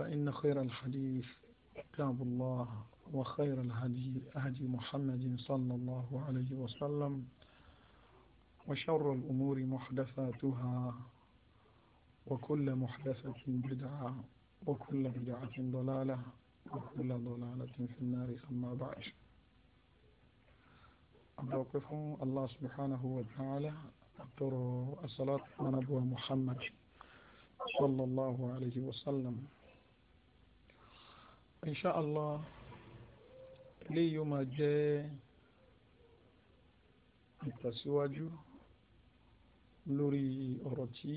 فإن خير الحديث كتاب الله وخير الهدي هدي محمد صلى الله عليه وسلم وشر الأمور محدثاتها وكل محدثة بدعة وكل بدعة ضلالة وكل ضلالة في النار أما بعد أبوقف الله سبحانه وتعالى أبتر الصلاة على محمد صلى الله عليه وسلم inshallah eléyìí ó máa jẹ́ ìtẹ̀síwájú lórí ọ̀rọ̀ tí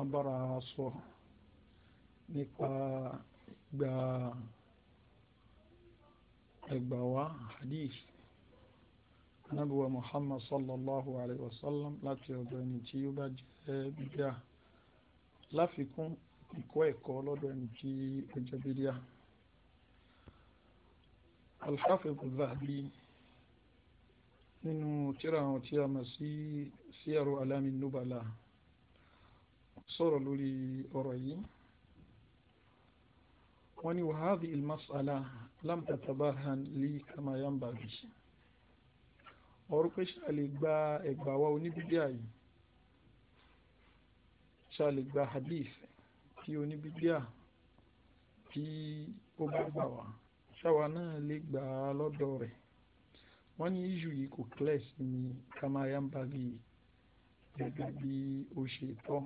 a bára sọ nípa gba ẹgbà wa hadith anábíwa muhammad sallallahu alaihi wasallam láti ọ̀dọ̀ ẹni tí ó bá jẹ́ bíbíà láfikún ìkọ́ ẹ̀kọ́ lọ́dọ̀ ẹni tí ó jẹ́ bídíà alhafiz zahabi nínú tíra àwọn tí a mọ̀ sí síyàrò alámi nubala sọ̀rọ̀ lórí ọ̀rọ̀ yìí wọ́n ní wàhálì ilmasala lámtàtàbáhan lè kama yá ń bàbí ọ̀rọ̀ pé ṣàlè gba ẹgbàwá oníbídíà yìí ṣàlè gba hadith tí oníbíbíà tí ó bá gbà wá ṣáwa náà lè gbà á lọ́dọ̀ rẹ̀ wọ́n ní iṣu yìí kò clear sí mi ká máa yá ń bagi gẹ́gẹ́ bí ó ṣe tọ́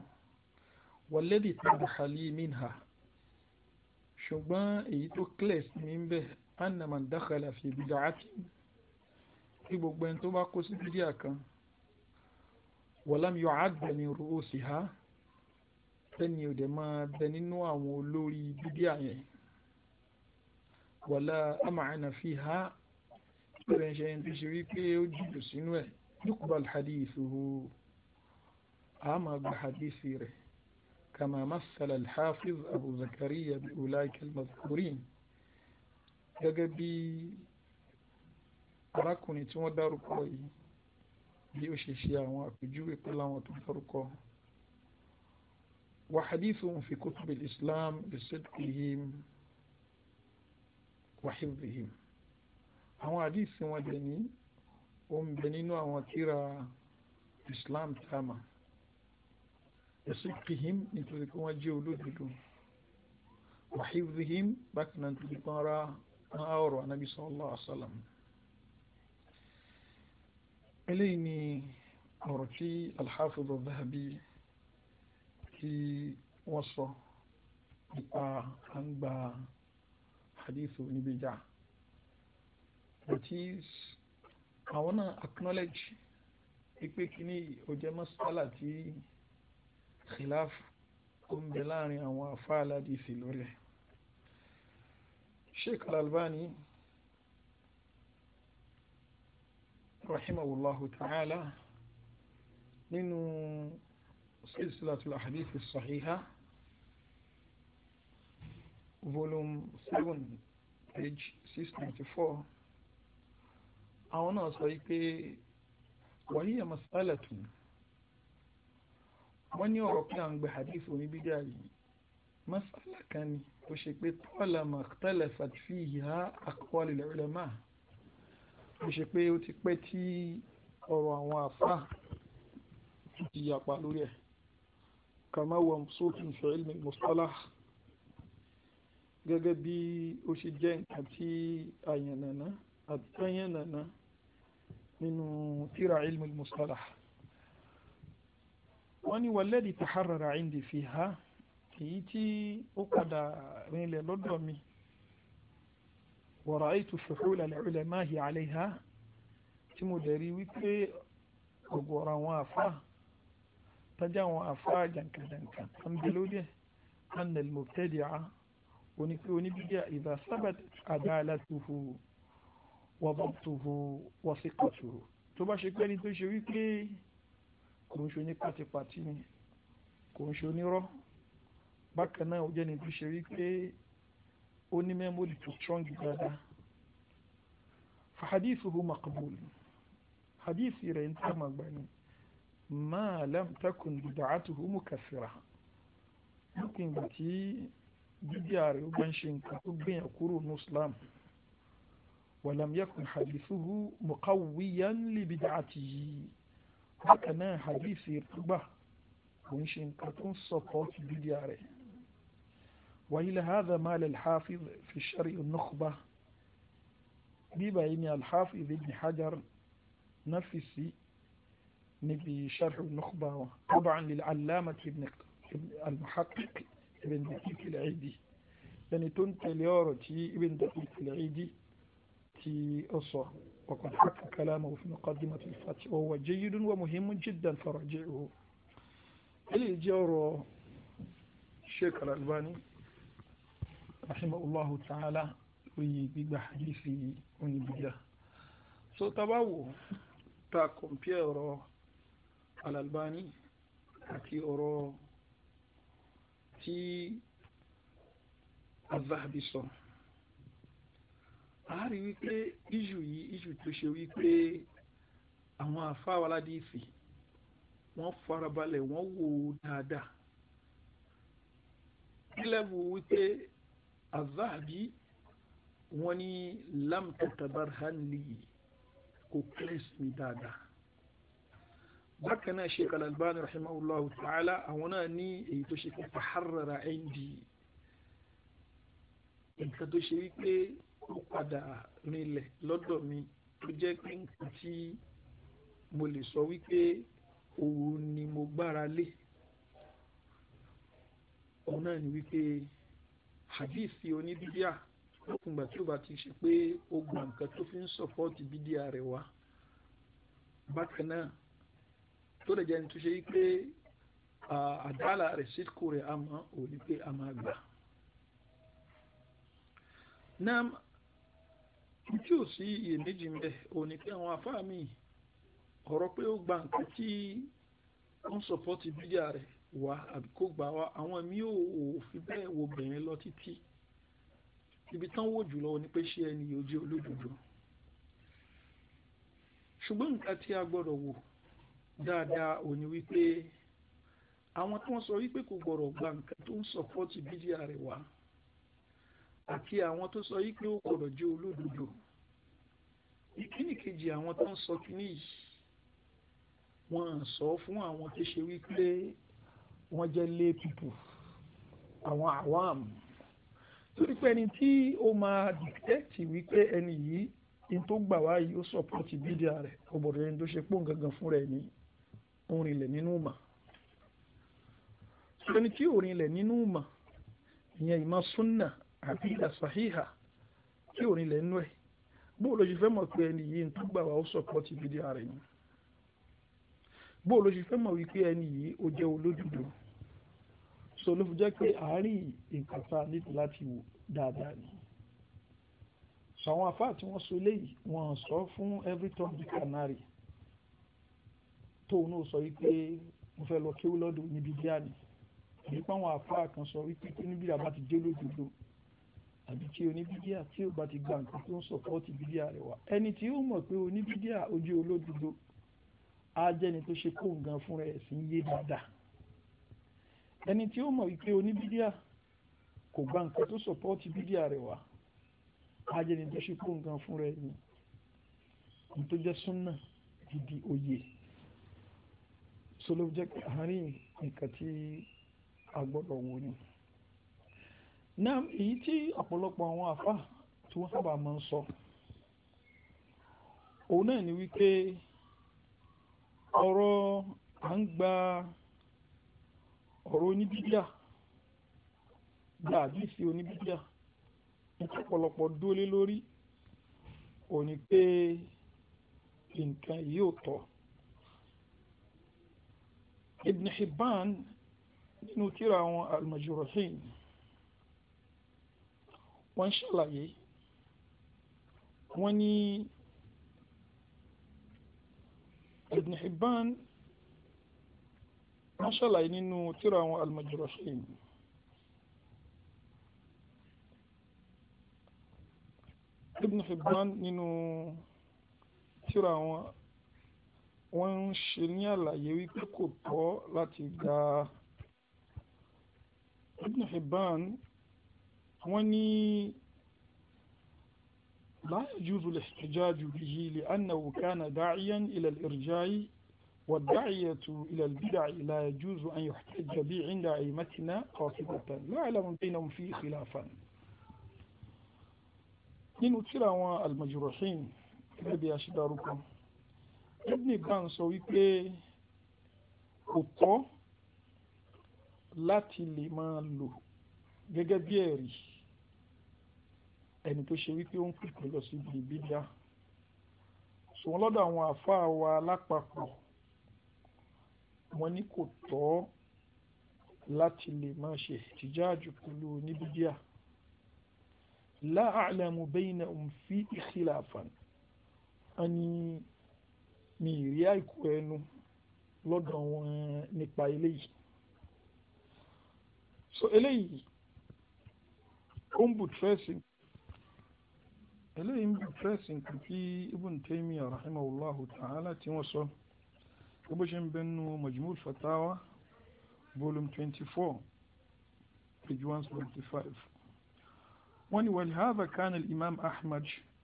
wọlédì tàbí hali minha ṣùgbọ́n èyí tó clear sí mi ń bẹ̀ annaman dakhala fi bid'ati kí gbogbo ẹni tó bá kó sí bídíà kan walam yu'adda min ru'usiha kẹ́ni ò dẹ̀ máa bẹ nínú àwọn olórí bídíà yẹn wàlá amáhánà fi ha bẹ̀rẹ̀ ṣe ń tó ṣe wípé ó jùlọ sínú ẹ̀ yuqbal hadithuhu a máa gba hadithi rẹ̀ kama masala alhafiz abu zakariya bi ulaika almadhkurin gẹ́gẹ́ bí arákùnrin tí wọ́n dárúkọ yìí bí ó ṣe ṣe àwọn àpèjúwe pẹ̀lú àwọn tó dárúkọ وحديثهم في كتب الإسلام بصدقهم وحفظهم هو حديث ودني أم بنين وكرا إسلام تاما بصدقهم نتذكوا جولو دلو وحفظهم بكنا نتذكرا أورو النبي صلى الله عليه وسلم إليني أورتي الحافظ الذهبي tí wọ́n sọ nípa à ń gba hadith oníbíjà that is àwọn náà acknowledge ipe kìíní ó jẹ́ masala tí khilaf ó ń bẹ láàrin àwọn afáàlá di sí lórí sheikh al-albani rahimahullahu ta'ala nínú. سلسلة الأحاديث الصحيحة volume 7 page 694 àwọn náà sọ pé wàhíyà masala tún wọ́n ní ọ̀rọ̀ pé à ń gbé hadith oníbídà yìí masala kan ni ó ṣe pé tọ́lá makhtalafat fiha aqwalul ulama ó ṣe pé ó ti pẹ́ tí ọ̀rọ̀ àwọn àfáà ti yapa lórí ẹ̀ كما هو مبسوط في علم المصطلح gẹ́gẹ́ bí ó ṣe jẹ́ nǹkan tí àyànnàná àtàyànnàná nínú tíra ilmu al-mustalah wọ́n ní walladhi taharrara indi fiha èyí tí ó padà rinlẹ̀ lọ́dọ̀ mi wa ra'aytu fuhula al-ulama'i alayha tí mo dẹ̀ wípé ọ̀gọ̀rọ̀ àwọn àfáà tọ́jú àwọn afá jankanjankan ń bẹ lórí ẹ̀ anna al-mubtadi'a onípe oníbídíà idha sábàtà adalatuhu wa dhabtuhu wa siqatuhu tó bá ṣe pé ní tó ṣe wípé kò ń ṣe ní pátipátí ni kò ń ṣe onírọ́ bákan náà ó jẹ́ ní tó ṣe wípé ó ní mẹ́mórì tó strong dáadáa fa hadithuhu maqbul hadithi rẹ̀ ń tàmà ما لم تكن بدعته مكفرة ممكن بتي بجار وبنشين كتبين يقولوا نسلام ولم يكن حديثه مقويا لبدعته هكذا حديث يرتبه بنشين كتون صفات بجار وإلى هذا مال الحافظ في الشرع النخبة بما إن الحافظ ابن حجر نفسي نبي شرح النخبة nukhba للعلامة ابن المحقق ابن al-Muhaqqiq يعني تنت al-'Eidi ẹni tó ń tẹ̀lé ọ̀rọ̀ tí وقد حكى كلامه في مقدمة الفتح وهو جيد ومهم جدا فراجعه اللي جاره الشيخ الألباني رحمه الله تعالى ويبقى حديثي ونبدا سو تباو تا كومبيرو Al-Albani àti ọ̀rọ̀ tí Az-Zahabi sọ a rí wípé iṣu yìí iṣu tó ṣe wípé àwọn àfáà aládìsí wọ́n farabalẹ̀ wọ́n wò ó dáadáa kílẹ̀bù wípé az wọ́n ní lam kò kílẹ̀sì mi dáadáa bákan náà Sheikh Al-Albani rahimahullahu ta'ala àwọn náà ní èyí tó ṣe fún taharrara indi nǹkan tó ṣe wípé ó padà rinlẹ̀ lọ́dọ̀ mi tó jẹ́ pé nǹkan tí mo lè sọ wípé òun ni mo gbára lé òun náà ni wípé hadithi oníbídíà lókùngbà tí ó bá ti ṣe pé ó nǹkan tó fi ń sọ̀pọ́ọ̀tì bídíà rẹ̀ wá bákan náà tó lè jẹ́ ní túnṣe yìí pé àdálà rẹ̀ síkù rẹ̀ a máa ò ní pé a máa gbà. nam tí ò sí iyèméjì ń bẹ ò ní pé àwọn afá mi ọ̀rọ̀ pé ó gba nǹkan tí ó ń sọ̀pọ́tì bídíà rẹ̀ wá àbí kó gbà wá àwọn mi ò fi bẹ́ẹ̀ wo bẹ̀rẹ̀ lọ títí ibi tán wò jùlọ ni pé ṣé ẹni yóò jẹ́ olódodo ṣùgbọ́n nǹkan tí a gbọ́dọ̀ wò dáadáa ò ní wípé àwọn tó ń sọ wípé kò gbọ́dọ̀ gba nǹkan tó ń sọ̀pọ́tì bídíà rẹ̀ wá àti àwọn tó sọ wípé ó gbọ́dọ̀ jẹ́ olódodo ìkíni kejì àwọn tó ń sọ kíní yìí wọ́n sọ fún àwọn tó ṣe wípé wọ́n jẹ́ lé pípù àwọn awam torí pé ẹni tí ó máa dìtẹ́tì wípé ẹni yìí ní tó gbà wá yìí ó sọ̀pọ́tì bídíà rẹ̀ ó ẹni tó ṣe pọ̀ gangan fún rẹ̀ nìyí orinlẹ̀ nínú ìmọ̀ ẹni tí orinlẹ̀ nínú ìmọ̀ ìyẹn ìmọ̀ súnà àbí ìdàsáhíhà tí orinlẹ̀ nínú ẹ̀ bóò ló ṣe fẹ́ mọ̀ pé ẹni yìí ń tó gbà wá ó sọ̀pọ̀ ti bídí ara ẹni bóò ló ṣe fẹ́ mọ̀ wípé ẹni yìí ó jẹ́ olódodo so ló fi jẹ́ pé àárín nǹkan tá a láti wò dáadáa ni àwọn afáà tí wọ́n sọ eléyìí wọ́n sọ fún every time the canary tóun náà sọ wípé mo fẹ́ lọ kéwú lọ́dọ̀ níbi díà ni àbí páwọn àfáà kan sọ wípé kí níbi àbá ti dé lójoojú àbí kí oníbídíà tí ó bá ti gba nǹkan tó ń sọ̀pọ́ọ̀tì bídíà rẹ̀ wá ẹni tí ó mọ̀ pé oníbídíà ojú olódodo á jẹ́ni tó ṣe kó nǹkan fúnra ẹ̀ sí yé dáadáa ẹni tí ó mọ̀ wípé oníbídíà kò gba nǹkan tó sọ̀pọ́ọ̀tì bídíà rẹ̀ wá á jẹ́ni tó ṣe kó nǹkan fúnra ẹ̀ ní tó jẹ́ súnà gidi òye so ló jẹ́ pé àárín nǹkan tí a gbọ́dọ̀ wò ni. náà èyí tí ọ̀pọ̀lọpọ̀ àwọn àfà tí wọ́n sábà máa ń sọ òun náà ni wípé ọ̀rọ̀ à ń gba ọ̀rọ̀ oníbíbíà gba àdúsí oníbíbíà ọ̀pọ̀lọpọ̀ dúólé lórí òní pé nǹkan yìí ò tọ́ ابن حبان نوتيرا المجروحين وان شاء الله يي إيه. واني ابن حبان ما شاء الله يني إيه نوتيرا المجروحين ابن حبان نينو تيراوا wọ́n ń ṣe ní àlàyé wípé kò tọ́ láti gba Ibn Hibban wọ́n ní la yajuzu al-ihtijaj bihi li'annahu kana da'iyan ila al-irja'i والداعية إلى البدع لا يجوز أن يحتج به عند أئمتنا خاصة لا أعلم بينهم فيه خلافا من ترى المجروحين الذي أشداركم Ibn Hibban sọ wípé kò tọ́ láti lè máa lò gẹ́gẹ́ bí ẹ̀rí ẹni tó ṣe wípé ó ń pèpè lọ síbi ìbílẹ̀ ṣùgbọ́n lọ́dọ̀ àwọn àáfàá wa lápapọ̀ wọ́n ní kò tọ́ láti lè máa ṣe ìtìjáàjù pẹ̀lú oníbíbíà la a'lamu baynahum fi khilafan a mi ìrí àìkú ẹnu lọ́dọ̀ wọn nípa eléyìí so eléyìí ó ń bùtírẹ́sì eléyìí ń bùtírẹ́sì nǹkan tí Ibn Taymiyyah rahimahullahu ta'ala tí wọ́n sọ bí bó ṣe ń bẹnu Majmu' fatawa volume twenty four page one seventy five wọ́n ní wa li kana al-imam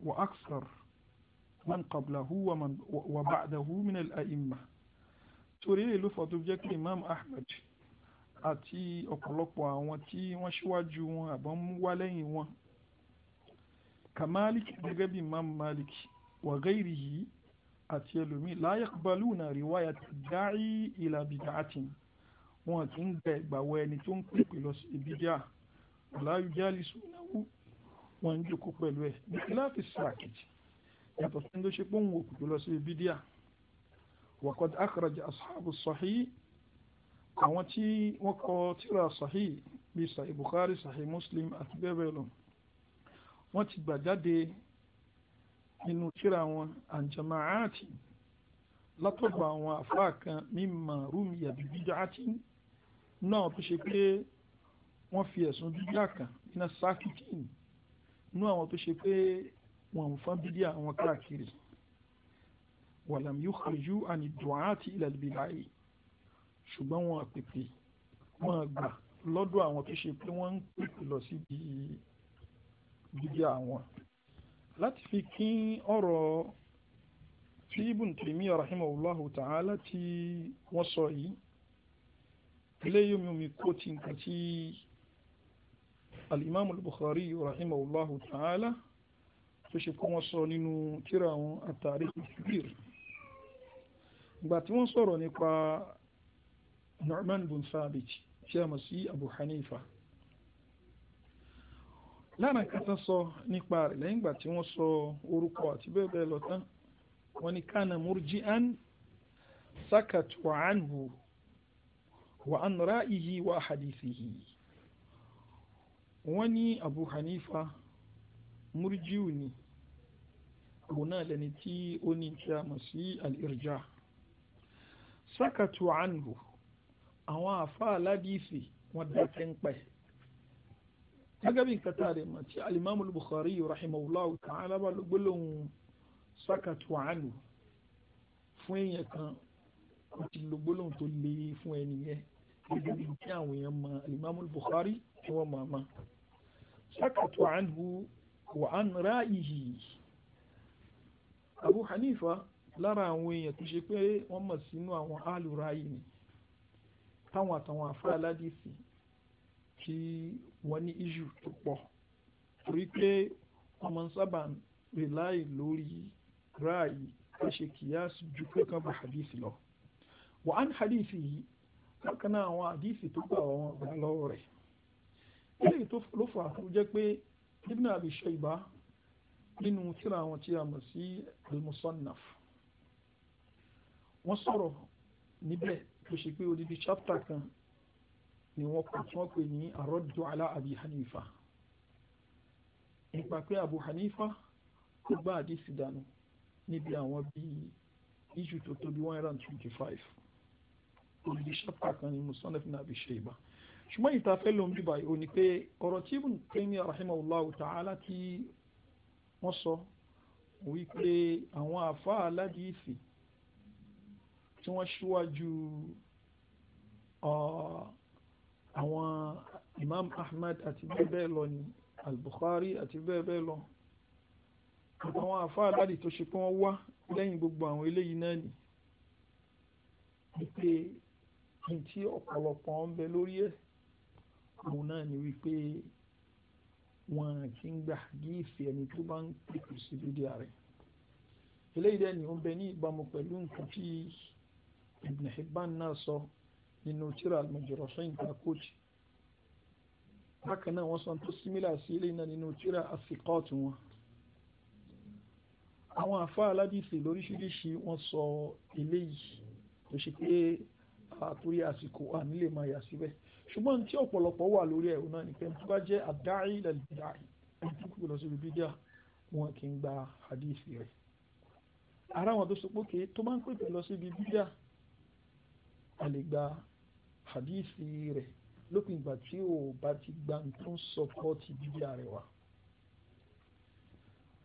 wa akthar. من قبله ومن وبعده من الأئمة. min al-a'imma torí èyí ló fà tó jẹ́ pé imam ahmed àti ọ̀pọ̀lọpọ̀ àwọn tí wọ́n ṣíwájú wọn àbọ̀ ń wá lẹ́yìn wọn kamalik gẹ́gẹ́ bí imam malik wa ghayrihi àti ẹlòmíì la yaqbaluna riwayat da'i ila bid'atin wọn kì í gba ìgbàwọ ẹni tó ń pèpè lọ sí ibi díà ọ̀làyújálì sùnáwó wọn ń jókòó pẹ̀lú ẹ̀ láti sàkìtì yàtọ̀ sí tó ṣe pé òun òkùnkùn lọ sí bídíà waqad akhraja ashabu sahih àwọn tí wọ́n kọ tírà sahih bíi sahih bukhari sahih muslim àti bẹ́ẹ̀ bẹ́ẹ̀ lọ wọ́n ti gbà jáde nínú tírà wọn àǹjàmáàtì látọ̀gbà àwọn àfáà kan mímọ̀ rúmi yàbí bídíàtì náà tó ṣe pé wọ́n fi ẹ̀sùn bídíà kan nínú sákìtì nínú àwọn tó ṣe pé wọn fán bídíà wọn káàkiri wàlàm yukhriju àni du'ati ila al-bid'ah ṣùgbọ́n wọn pèpè wọn gbà lọ́dọ̀ àwọn tó ṣe pé wọ́n ń pèpè lọ sí bídíà wọn láti fi kín ọ̀rọ̀ tí Ibn Taymiyyah rahimahullahu ta'ala tí wọ́n sọ yìí eléyìí mi ò kó ti nǹkan tí al bukhari rahimahullahu ta'ala tó ṣe kó wọ́n sọ nínú tírà wọn àtàrí kabir ìgbà tí wọ́n sọ̀rọ̀ nípa Nu'man bin Thabit tí a mọ̀ sí Abu Hanifa lára kata sọ nípa rẹ̀ lẹ́yìn ìgbà tí wọ́n sọ orúkọ àti bẹ́ẹ̀ bẹ́ẹ̀ lọ tán wọ́n ní kana murji'an sakatu anhu wa an ra'ihi wa hadithihi wọ́n ní Abu Hanifa murji'u ni òun náà lẹni tí ó ní tí a mọ̀ sí al-irja sakatu anhu àwọn àfa aládìsí wọn dákẹ́ ń pẹ́ gẹ́gẹ́ bí nǹkan tá a lè mọ̀ tí alimami Bukhari rahimahullahu ta'ala bá ló gbólóhùn sakatu anhu fún èèyàn kan ó ti lo tó le fún ẹni yẹn gẹ́gẹ́ bí kí àwọn èèyàn mọ̀ alimami Bukhari tí wọ́n mọ̀ ọ́ mọ̀ sakatu anhu wa an ra'ihi. Abu Hanifa lára àwọn èèyàn tó ṣe pé wọ́n mọ̀ sínú àwọn alùráyì ni táwọn àtàwọn àfáà aládìsí tí wọ́n ní iṣu tó pọ̀ torí pé wọ́n máa ń sábà rèláì lórí ráàyè tó ṣe kìyàsí ju pé kan bá hadisi lọ wọ́n á ní hadisi yìí bákan náà àwọn hadisi tó gbà wọ́n gbà lọ́wọ́ rẹ̀ eléyìí ló fà á tó jẹ́ pé Ibn Abi nínú tírà àwọn tí a mọ̀ sí al-Musannaf wọ́n sọ̀rọ̀ níbẹ̀ tó ṣe pé odidi chápítà kan ni wọ́n kọ́ tí wọ́n pè ní ar-raddu ala Abi Hanifa nípa pé Abu Hanifa kò gbá àdìsí dànù níbi àwọn bíi iṣu tó tóbi one hundred and kan ní musannaf ibn Abi Shayba ṣùgbọ́n ìtafẹ́ ló ń bí báyìí ní pé ọ̀rọ̀ tí ibùn Taymiyyah rahimahullahu ta'ala ti wọ́n sọ wípé àwọn àfáà aládìísì tí wọ́n ṣíwájú àwọn Imam Ahmad àti bẹ́ẹ̀ bẹ́ẹ̀ lọ ni al-Bukhari àti bẹ́ẹ̀ bẹ́ẹ̀ lọ àwọn àfáà aládìí tó ṣe pé wọ́n wá lẹ́yìn gbogbo àwọn eléyìí náà ni wípé ní tí ọ̀pọ̀lọpọ̀ ń bẹ lórí ẹ̀ òun náà ni wípé wọn kì í gbà gíìfì ẹni tó bá ń pèpè sí bídíà rẹ̀ eléyìí dẹ́ni ó ń bẹ ní ìbámu pẹ̀lú nǹkan tí Ibn Hibban náà sọ nínú tírà al-Mujrahun kóòtù bákan náà wọ́n sọ tó símílà sí eléyìí náà nínú tírà àfikọ́ọ̀tù wọn àwọn àfa aládìsí lóríṣiríṣi wọ́n sọ eléyìí tó ṣe pé àtúrí àsìkò à nílè máa yà síbẹ̀ ṣùgbọ́n tí ọ̀pọ̀lọpọ̀ wà lórí ẹ̀rù náà nìkan tó bá jẹ́ àdáì lẹ́lẹ́dáì ẹni tó kúrò lọ sí ibi díà wọn kì í gba hadithi rẹ̀ ara wọn tó sọ pé kí tó bá ń pèpè lọ sí ibi díà a lè gba hadithi rẹ̀ lópin ìgbà tí ò bá ti gba tó ń sọpọ́tì rẹ̀ wá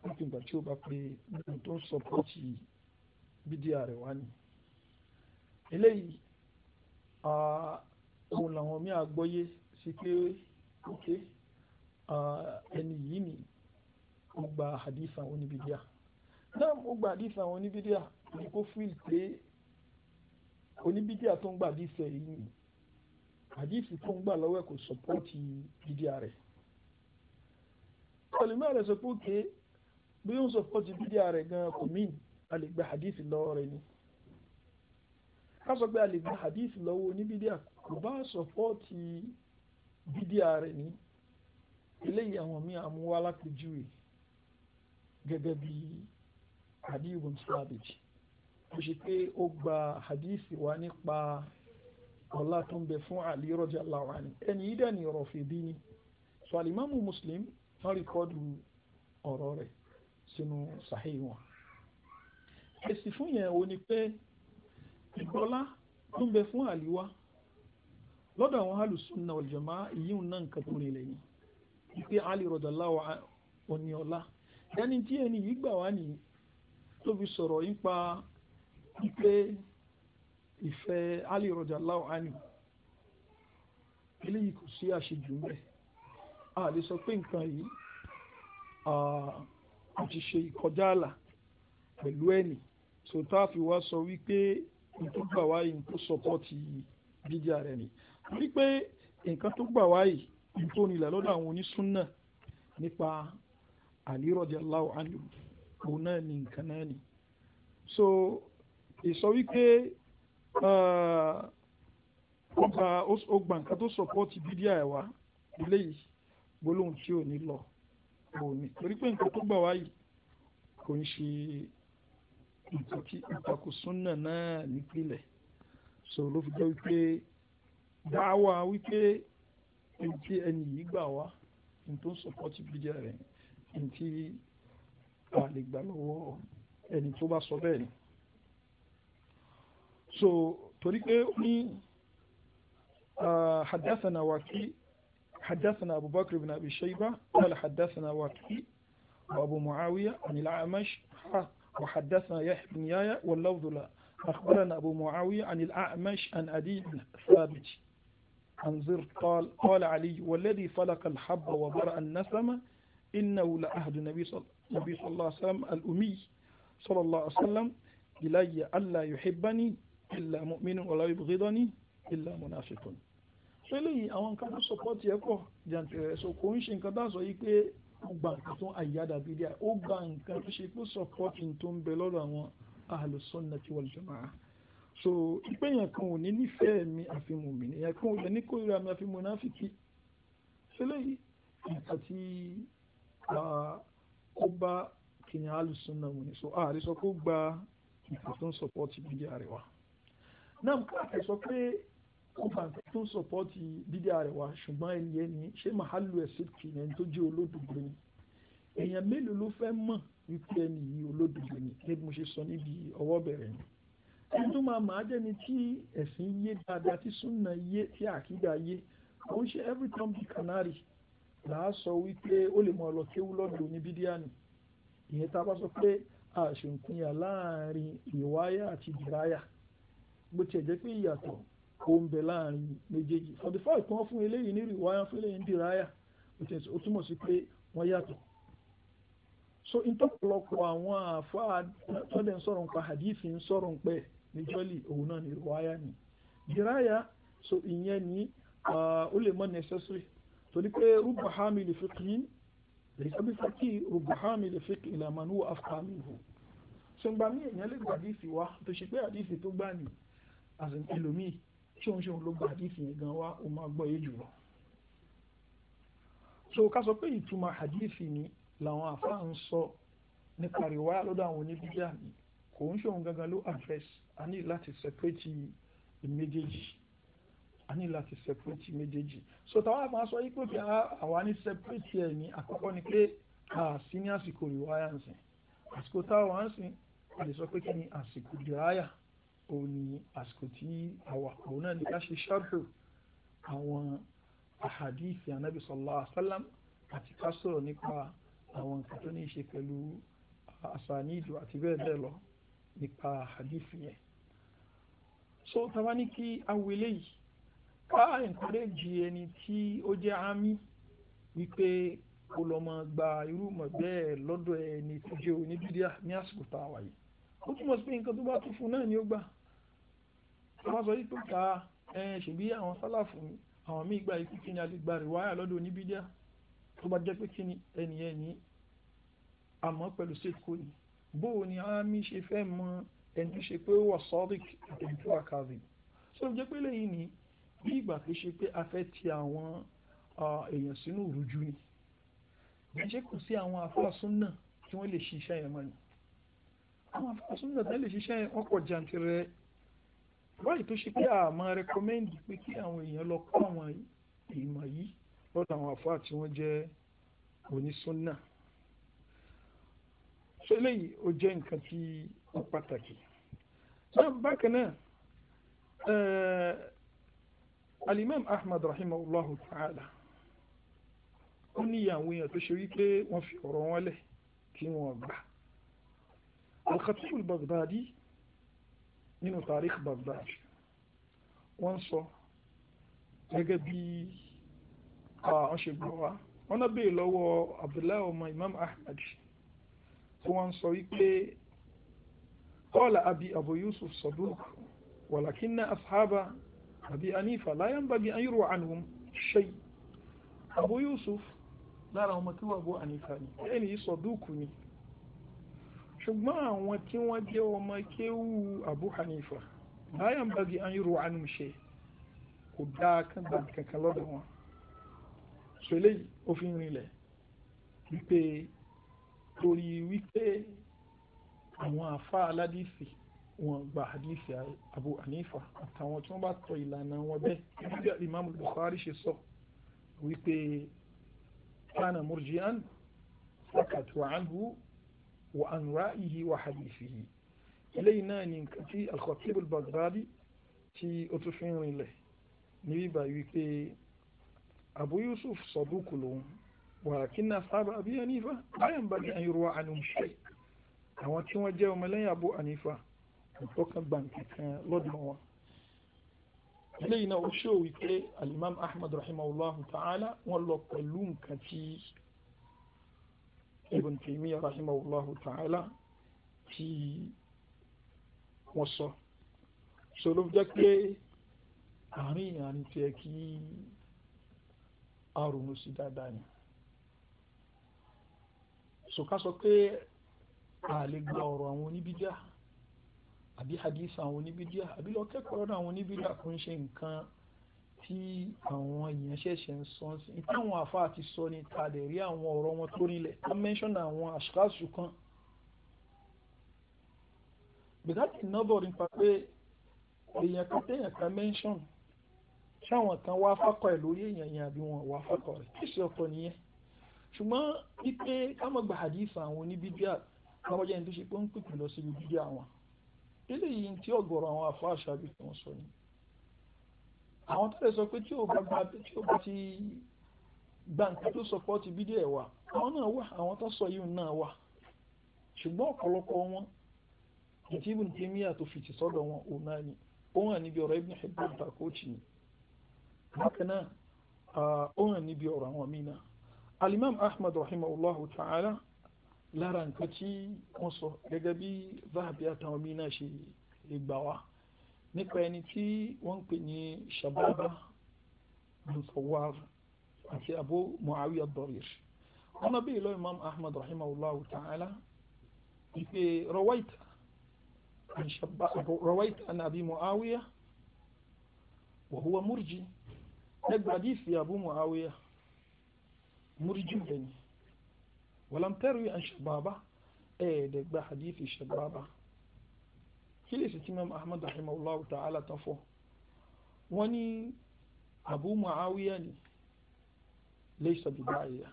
lópin ìgbà tí ò bá pé tó ń sọpọ́tì díà rẹ̀ wá ni eléyìí òun làwọn míì àgbọ́yé sí pé ókè ẹni yìí ni ó gba hadith àwọn oníbìdíà náà ó gba hadith àwọn oníbìdíà ní kó fún ìpè oníbìdíà tó ń gba hadith yìí ni hadith tó ń gbà lọ́wọ́ ẹ̀ kò sọ́pọ́ọ̀tì bídíà rẹ̀ ọlùmọ́ rẹ̀ sọ pé ókè bí ó ń sọ́pọ́ọ̀tì bídíà rẹ̀ gan kò mí a lè gba hadith lọ́wọ́ rẹ̀ ni ká sọ pé a lè gba hadith lọ́wọ́ oníbìdíà kò kò bá sọpọ́ọ̀tì bídíà rẹ̀ ní eléyìí àwọn míì àmúwá lápèjúwe gẹ́gẹ́ bí Adiyu bin Sabit kò ṣe pé ó gba hadisi wa nípa ọlá tó ń bẹ fún Ali radiyallahu anhu ẹni yìí dẹ̀ ní fèbí ni so alimamu Muslim wọ́n rìkọ́dù ọ̀rọ̀ rẹ̀ sínú sahih wọn èsì fún yẹn o ni pé ìgbọ́lá tó ń bẹ fún àlíwá lọ́dọ̀ àwọn alùsùnà ọ̀jọ̀má ìyíun náà nǹkan tó rìnlẹ̀ ni wípé Ali rọ̀dọ̀láwà òní ọ̀la ẹni tí ẹni yìí gbà wá nìyí tó fi sọ̀rọ̀ nípa wípé ìfẹ́ Ali rọ̀dọ̀láwà ànì eléyìí kò sí àṣejù ńbẹ̀ a lè sọ pé nǹkan yìí a ti ṣe ìkọjá àlà pẹ̀lú ẹni sọ̀tà fi wá sọ wípé nítorí gbà wá yìí tó sọpọ́ọ̀tì yìí bíjà rẹ̀ ni torí pé nǹkan tó gbà wáyìí ìtònílà lọ́dọ̀ àwọn onísúnnà nípa Ali radiyallahu anhu òun náà ni nǹkan náà ni so ìsọ wípé ọgbà ọgbà nǹkan tó sọpọ́ọ̀tì bídíà ẹ̀ wá eléyìí gbólóhùn tí ò ní lọ òní torí pé nǹkan tó gbà wáyìí kò ń ṣe ìtàkùn súnnà náà nípìnlẹ̀ so ló fi jẹ́ wípé. dáwà wípé ntí ẹni yìí gbà wá ntó sọpọ́tì bídíà rẹ̀ ntí a lè gbà lọ́wọ́ ẹni tó bá sọ bẹ́ẹ̀ ni so torí pé ó ní hadathana waki hadathana abubakar ibn abi shayba wala hadathana waki وأبو معاوية عن الأعمش وحدثنا يحيى بن يايا واللفظ لا أخبرنا أبو معاوية عن الأعمش عن أدي بن ثابت أنظر قال قال علي والذي فلق الحب وبرأ النسمة إنه لأهد النبي صلى الله عليه وسلم الأمي صلى الله عليه وسلم إلي ألا يحبني إلا مؤمن ولا يبغضني إلا منافق eléyìí àwọn nǹkan tó sọpọ́tì ẹ̀kọ́ jàǹtẹ̀rẹ̀ ẹ̀sọ́ kò ń ṣe nǹkan dáàsọ yìí pé ó gba nǹkan tó àyàdà bíi díẹ̀ ó gba nǹkan tó ṣe pé sọpọ́tì tó ń bẹ lọ́dọ̀ àwọn ahlus sunnati wal jamaa so ipe yẹn kan ò ní nífẹ̀ẹ́ mi àfihàn mi yẹn kan ò yẹ ní kórìíra mi àfihàn mùnáfíkì eléyìí nǹkan tí ó bá kìnìún alùsùn náà mu ni so ààrẹ sọ pé ó gba ìpò tó ń sọpọ́tì bídí àríwá náà káàkiri sọ pé ó gba ìpò tó ń sọpọ́tì bídí àríwá ṣùgbọ́n ẹni yẹn ni ṣé màálù ẹ̀ sí kìnìún ẹni tó jẹ́ olódodo ni èèyàn mélòó ló fẹ́ mọ̀ wípé ẹni yìí olódodo ni bí ẹni maa máa máa jẹ́ni tí ẹ̀sìn yé dáadáa tí súnà yé tí àkídà yé ó ń ṣe every time sọ wípé ó lè mọ ọlọ́kéwú lọ́dọ̀ ìyẹn ta a bá sọ pé àṣùnkúnyà láàrin ìwáyà àti dìráyà bó tiẹ̀ jẹ́ pé ìyàtọ̀ ó ń bẹ láàrin méjèèjì for the fún eléyìí ní ìwáyà fún eléyìí ní túmọ̀ sí pé wọ́n yàtọ̀ so ntọ́pọ̀lọpọ̀ àwọn tọ́lẹ̀ níjọ́lì òun náà ní riwaya ni diraya so ìyẹn ni ó lè mọ́ necessary torí pé rúbà hamil fiqhin lèyìn sábẹ́ fàkì rúbà hamil fiqhin ìlànà wà afqa minhu ṣùgbọ́n mi èèyàn lè gbà díìsì wá tó ṣe pé àdíìsì tó gbà ní àsìkò ẹlòmíì ṣóun ṣóun ló gbà àdíìsì yẹn gan wá ó máa gbọ́ yé jùlọ so ká sọ pé ìtumọ̀ àdíìsì ni làwọn àfáà ń sọ nípa rìwáyà lọ́dọ̀ àwọn oníbíjà ni kò ń ṣòun gangan ló address a ní láti separate méjèèjì a ní láti separate méjèèjì so táwọn àfọwọ́n sọ wípé bí àwa ní separate ẹ̀ ní àkọ́kọ́ ni pé àsí ní àsìkò rìwáyà ń sìn àsìkò táwọn ń sìn a lè sọ pé kí ni àsìkò rìwáyà òun ni àsìkò tí àwa òun náà ní ká ṣe ṣáàbù àwọn àhàdíìsì ànábì sallallahu alaihi àti ká sọ̀rọ̀ nípa àwọn nǹkan tó ní í ṣe pẹ̀lú àsàníìdù àti bẹ́ẹ̀ bẹ́ẹ̀ lọ nípa hadith yẹn so tàbá ní kí awele yìí ká encourage ẹni tí ó jẹ́ àmì wípé kó lọ máa gba irú mọ̀ bẹ́ẹ̀ lọ́dọ̀ ẹni tó jẹ́ oníbídíà ní àsìkò tá a wà yìí ó túmọ̀ sí pé nǹkan tó bá tún fún náà ni ó gbà wọ́n sọ yìí tó ta ṣèbí àwọn sálàfù àwọn míì gba ikú kíni àlegbà rẹ̀ wáyà lọ́dọ̀ oníbídíà tó bá jẹ́ pé kíni ẹnìyẹn ní àmọ́ pẹ̀lú sèkó ni bó o ní àmì ṣe fẹ́ mọ ẹni tó ṣe pé ó wà sọ́rík àtẹ̀yìn so jẹ́ pé lẹ́yìn ni bí ìgbà tó ṣe pé a fẹ́ ti àwọn èèyàn sínú ìrújú ni bí ṣe kò sí àwọn afáàsún náà tí wọ́n lè ṣiṣẹ́ yẹn mọ́ ni àwọn afáàsún náà tẹ́lẹ̀ ṣiṣẹ́ yẹn wọ́n pọ̀ jantirẹ báyìí tó ṣe pé a máa rẹkọmẹ́ndì pé kí àwọn èèyàn lọ kọ́ àwọn ìmọ̀ yìí lọ́dọ̀ àwọn afáà tí wọ́n jẹ́ onísúnnà ṣe léyìí ó jẹ́ nǹkan tí ó pàtàkì náà bákan náà eh, alimam ahmad rahimahullahu ta'ala ó ní àwọn èèyàn tó ṣe wípé wọ́n fi ọ̀rọ̀ wọn lẹ̀ kí wọ́n gbà al-khatib al-baghdadi nínú tarikh baghdad wọ́n sọ gẹ́gẹ́ bí ah, wọ́n ṣe gbọ́ wa wọ́n náà béè lọ́wọ́ abdullahi ọmọ imam ahmad tí wọ́n ń sọ wípé kọ́ọ̀lá àbí abu yusuf saduq walakinna ashaba àbí anifa láyán bàbí ayúrò ànhum shay abu yusuf lára ọmọ tí wọ́n abu anifa ni ẹni yìí saduq ni ṣùgbọ́n àwọn tí wọ́n jẹ́ ọmọ kéwú abu hanifa láyán bàbí ayúrò ànhum shay kò dáa kankan lọ́dọ̀ wọn ṣẹlẹ̀ òfin rinlẹ̀ wípé torí wípé àwọn àfa aládìsí wọn gba àdìsí Abu Hanifa àtàwọn tí wọ́n bá tọ ìlànà wọn bẹ́ẹ̀ bí Imam Bukhari ṣe sọ wípé kana murji'an sakatu anhu wa an ra'ihi wa hadithihi eléyìí náà ni nǹkan tí al-Khatib al-Baghdadi tí ó tún fi ń rinlẹ̀ níbí báyìí wípé Abu Yusuf sọdúkù ولكن أصحاب أبي حنيفة لا ينبغي أن يروى عنهم شيء àwọn tí wọ́n jẹ́ ọmọlẹ́yìn Abu Hanifa ìtọ́kàn gbàǹkì kan lọ́dún wọn eléyìí náà ó ṣe ò wípé alimam Ahmad rahimahullahu ta'ala wọ́n lọ pẹ̀lú nǹkan tí Ibn Taymiyyah rahimahullahu ta'ala tí wọ́n sọ so ló jẹ́ pé àárín àárín tí ẹ kí àrùn sí dáadáa yẹn sọ̀ká sọ pé a lè gba ọ̀rọ̀ àwọn oníbídíà àbí hadith àwọn oníbídíà àbí lọ kẹ́kọ̀ọ́ lọ́dọ̀ àwọn oníbídíà kò ń ṣe nǹkan tí àwọn èèyàn ṣẹ̀ṣẹ̀ ń sọ sí tí àwọn àfa àti sọ ni ta lè rí àwọn ọ̀rọ̀ wọn tó nílẹ̀ wọ́n mẹ́ńṣọ́nà àwọn àṣàṣù kan bìtàkì nọ́bọ̀ nípa pé èèyàn kan téèyàn kan mẹ́ńṣọ́n ṣáwọn kan wá fákọ̀ ẹ̀ lórí èèyàn yẹn àbí wọn wá fákọ̀ rẹ̀ kí ṣe ọ̀tọ̀ nìyẹn ṣùgbọ́n wípé kámọ̀ gba hadith àwọn oníbíbíà lọ́wọ́jẹ́ ní tó ṣe pé ń pèpè lọ síbi bíbí àwọn eléyìí tí ọ̀gọ̀rọ̀ àwọn àfọ àṣàbí tó ń sọ ni àwọn tó lè sọ pé tí ò bá gba tí ò bá ti gba nǹkan tó sọpọ́ọ̀tì bídí ẹ̀ wà àwọn náà wà àwọn tó sọ yìí náà wà ṣùgbọ́n ọ̀pọ̀lọpọ̀ wọn ètí Ibn Taymiyyah tó fìtì sọ́dọ̀ wọn òun náà ni ó hàn níbi ọ̀rọ̀ Ibn Hibban takóòtì ni bákan náà ó hàn níbi ọ̀rọ̀ àwọn míì náà alimam ahmed rahimahullahu ta'ala lára nǹkan tí wọ́n sọ gẹ́gẹ́ bí zahabi àtàwọn míín náà ṣe gbà wá nípa ẹni tí wọ́n ń pè ní shababa musawar àti abu muawiya ad-darir wọn náà bèèrè lọ́wọ́ imam ahmed rahimahullahu ta'ala wípé rawaita عن شباب رويت عن أبي معاوية وهو مرجي نجد حديث múríjù lẹ́yìn wàlámtẹ́rù yìí àṣàbàbà ẹ̀ẹ́dẹ̀gbà hadith ìṣàbàbà kí lè sì tí mẹ́m ahmed rahimahullah ta'ala tán fọ́ wọ́n ní abu muawiya ni laysa bi dáìyà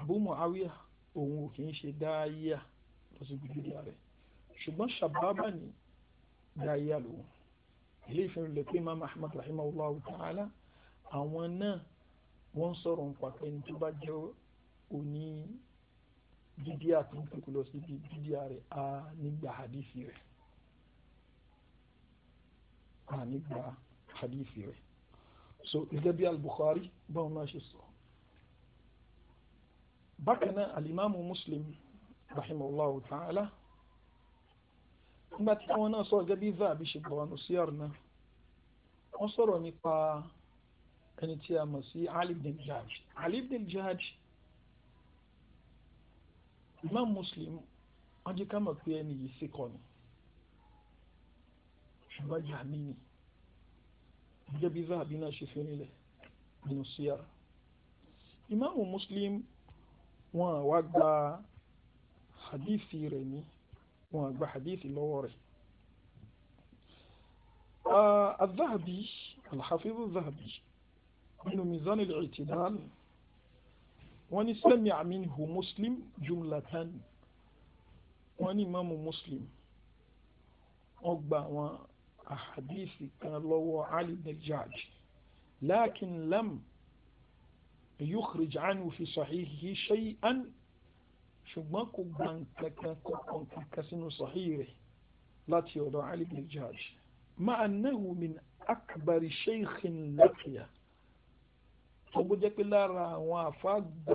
abu muawiya òun ò kì í ṣe dáìyà lọ́sibítù rẹ̀ ṣùgbọ́n ṣàbàbà ni dáìyà lòun ilé ìfẹ́ rẹ̀ pé mẹ́m ahmed rahimahullah ta'ala àwọn náà wọ́n sọ̀rọ̀ nípa pé ní tó bá jẹ́ òní bídíà tó ń pèkú lọ síbi bídíà rẹ̀ á nígbà hadithi rẹ̀ á nígbà hadithi rẹ̀ so gẹ́gẹ́ bí al-Bukhari báwọn náà ṣe sọ bákan náà al-Imamu Muslim rahimahullahu ta'ala nígbà tí àwọn náà sọ gẹ́gẹ́ bí zahabi ṣe gbọ́wọ́nù sí ọ̀rọ̀ náà wọ́n sọ̀rọ̀ nípa ẹni tí a mọ̀ sí Ali ibn al-Jahaj Ali ibn al-Jahaj Imam Muslim wọ́n jẹ́ ká mọ̀ pé ẹni yìí sí kọ́ni ṣùgbọ́n jàmí ni gẹ́gẹ́ bí Zahabi náà ṣe fi nílẹ̀ nínú síyára Imam Muslim wọ́n wá gba hadithi rẹ̀ ní wọ́n gba hadithi lọ́wọ́ rẹ̀ الذهبي الحفيظ الذهبي من ميزان الاعتدال ونستمع منه مسلم جملة ونمام مسلم أقبع أحاديث كان الله علي بن الجعج لكن لم يخرج عنه في صحيحه شيئا شبك kò كنت nǹkankan kó kàn kankan sínú sọ̀híì rẹ̀ láti ọ̀dọ̀ Ali bin Jaj. Ma'anahu ọgbó jẹ́ pé lára àwọn àfáàgbà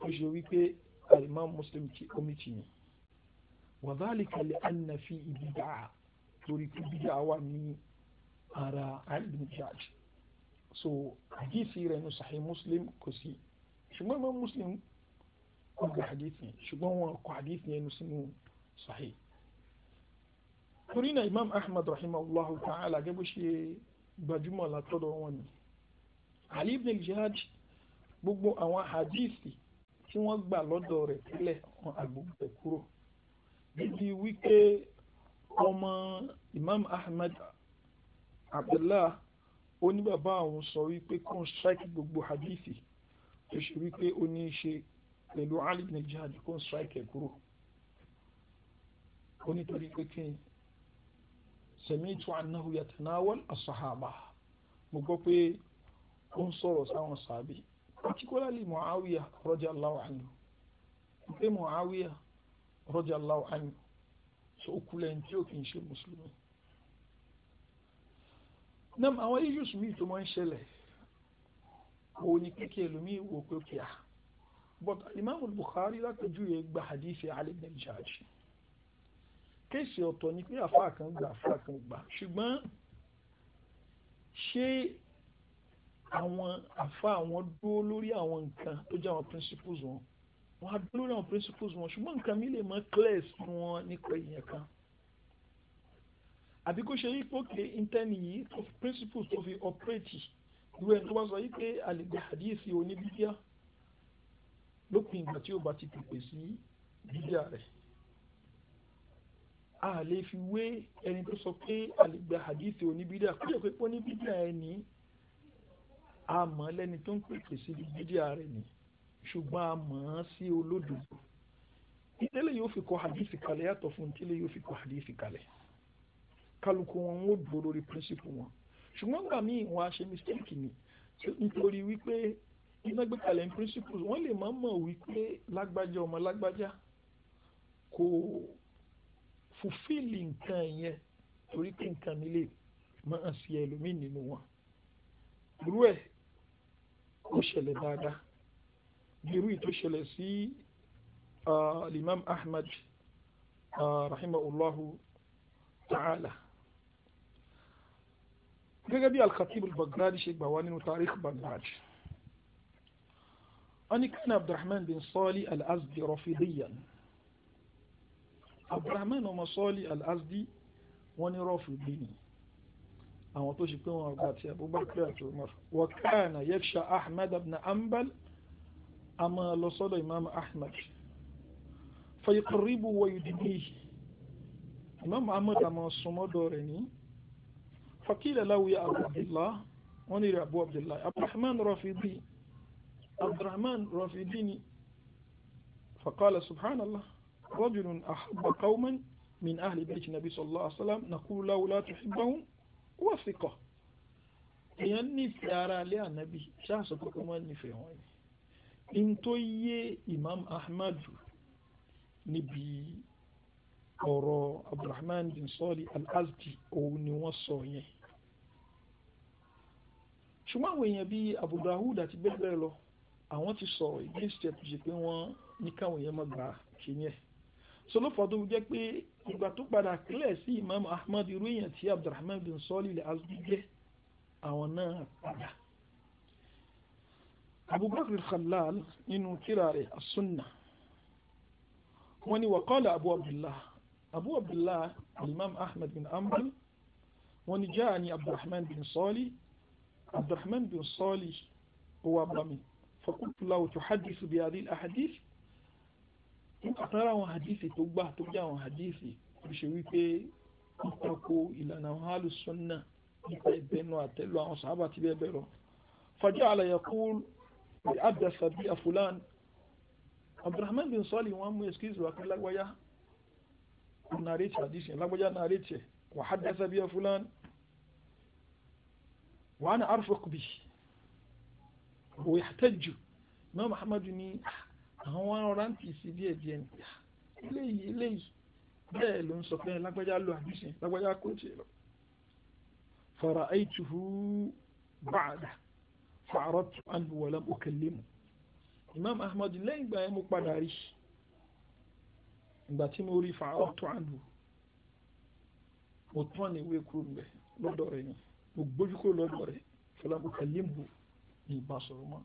ó ṣe wípé alimam muslim omi ti yàn wàhálì kalẹ̀ ànàfi ìbídà torí pé bídà wà ní ara àìlùmí so àdìsí rẹ̀ ní sàhí muslim kò sí ṣùgbọ́n imam muslim ó gba àdìsí ṣùgbọ́n wọn kọ àdìsí yẹn sínú sàhí torí náà imam ahmad rahimahullahu ta'ala gẹ́gẹ́ bó ṣe gbajúmọ̀ látọ̀dọ̀ wọn ni. Ali ibn al-Jihad gbogbo àwọn hadithi tí wọ́n gbà lọ́dọ̀ rẹ̀ tẹ́lẹ̀ wọn àgbọ̀gbẹ̀ kúrò níbi wípé ọmọ Imam Ahmad Abdullah oníbàbá àwọn sọ wípé kò ń strike gbogbo hadithi tó ṣe wípé ó ní í ṣe pẹ̀lú Ali ibn al-Jihad kò ń strike ẹ̀ kúrò ó nítorí pé kí ni sami'tu annahu yatanawal as-sahaba mo gbọ́ pé ó ń sọ̀rọ̀ sáwọn sàábì particularly Muawiya radiyallahu anhu pé Muawiya radiyallahu anhu so okùnlẹ̀ tí ó kì í ṣe mùsùlùmí. nam àwọn issues míì tó máa ń ṣẹlẹ̀ òun ni kékeré lómi wò pé kí a but Imam Bukhari látọjúwe gba hadithi Ali bin Jaji kéèsì ọ̀tọ̀ ni pé àfa kan gbà àfa kan gbà ṣùgbọ́n ṣé àwọn àfa àwọn dúró lórí àwọn nǹkan tó jẹ́ àwọn principles wọn wọn á dúró lórí àwọn principles wọn ṣùgbọ́n nǹkan mi lè mọ clear sí wọn nípa ìyẹn kan àbí kó ṣe yí pé òkè intanet yìí principles tó fi operate irú ẹni tó bá sọ yí pé àlejò àdíyèsí oníbíbíà lópin ìgbà tí ó bá ti pèpè sí bíbíà rẹ̀ a lè fi wé ẹni tó sọ pé àlejò àdíyèsí oníbíbíà kó yẹ pé oníbíbíà ẹni a mọ̀ lẹ́ni tó ń pèpè sí bídíà rẹ̀ ni ṣùgbọ́n a mọ̀ ọ́n sí olódodo ìdílé yóò fi kọ́ hadith kalẹ̀ yàtọ̀ fún ìdílé yóò fi kọ́ hadith kalẹ̀ kálukú wọn ń dúró lórí píríncípù wọn ṣùgbọ́n gbà míì wọn a ṣe mistake ni nítorí wípé iná gbé kalẹ̀ píríncípù wọn lè má mọ̀ wípé lágbájá ọmọ lágbájá kò fulfilling nǹkan yẹn torí pé nǹkan mi lè máa ṣe ẹlòmíì nínú wọn irú ẹ̀ kó ṣẹlẹ̀ dáadáa irú ìtò ṣẹlẹ̀ sí limam ahmad rahimahullahu ta'ala gẹ́gẹ́ bí al-khatib al-baghdadi ṣe gbà wá nínú tarikh baghdad wọ́n kánà abdulrahman bin sọ́ọ́lì al-azdi rọ̀fìdíyàn abdulrahman ọmọ sọ́ọ́lì al-azdi wọ́n ní أهو توشي بكم أرضات يا أبو بكر وكان يخشى أحمد بن أنبل أما لصد إمام أحمد فيقرب ويدنيه إمام أحمد أما صمى دورني فقيل له يا أبو عبد الله ونرى أبو عبد الله أبو الرحمن رافضي عبد الرحمن رافضيني فقال سبحان الله رجل أحب قوما من أهل بيت النبي صلى الله عليه وسلم نقول له لا تحبهم wọ́n sì kọ̀ èèyàn nífẹ̀ẹ́ ara alẹ́ ànábì ṣáàṣọ kókó mọ́ nífẹ̀ẹ́ wọn ni n tó yé Imam Ahmadu níbi ọ̀rọ̀ Abdulrahman bin sọ́ọ̀lì al-Azdi òun ni wọ́n sọ yẹn ṣùgbọ́n àwọn èèyàn bíi Abu Dawud àti bẹ́ẹ̀ bẹ́ẹ̀ lọ àwọn ti sọ̀rọ̀ against tó ṣe pé wọ́n ní káwọn èèyàn má gbà kí ni ẹ̀ so ló fọ́ tó jẹ́ pé ìgbà tó padà kílẹ̀ sí imaamu ahmad irú èèyàn tí abdulrahman bin sọ́ọ̀lì lè azúgbé àwọn náà padà abubakar khalal nínú kíra rẹ̀ asunna wọ́n ní wàkọ́lá abu abdullah abu abdullah alimam ahmad bin ambal wọ́n ní jáàni abdulrahman bin sọ́ọ̀lì abdulrahman bin sọ́ọ̀lì owó abami هو lawo tó hadith bi adil ahadith àtàrà àwọn hadisi tó gbà tó jẹ́ àwọn hadisi kò ṣe wípé wọ́n tako ìlànà àwọn alùsọ́nà nípa ìbẹnu àtẹ́lu àwọn sàábà ti bẹ́ẹ̀ bẹ́ẹ̀ lọ. fàjọ́ àlàyé kúl bí àdàsà bí àfúlàn abdulrahman bin sọ́ọ̀lì wọn mú excuse wà pé lágbáyà nàrètì hadisi lágbáyà nàrètì wà àdàsà bí àfúlàn wà á na arfaq bi wò muhammadu ni àwọn ọ̀rántì sí díẹ̀ díẹ̀ ní ah, eléyìí eléyìí bẹ́ẹ̀ ló ń sọ pé lágbájá lo àdúṣe lágbájá kó tiẹ̀ lọ. fara aituhu ba'da fa'aratu anhu wa lam ukallimu imam ahmad lẹ́yìn ìgbà yẹn mo padà rí ìgbà tí mo rí fa'aratu anhu mo tán ìwé kúrò rẹ̀ lọ́dọ̀ rẹ̀ ni mo gbójú kúrò lọ́dọ̀ rẹ̀ fa lam ukallimu ní ìbá sọ̀rọ̀ mọ́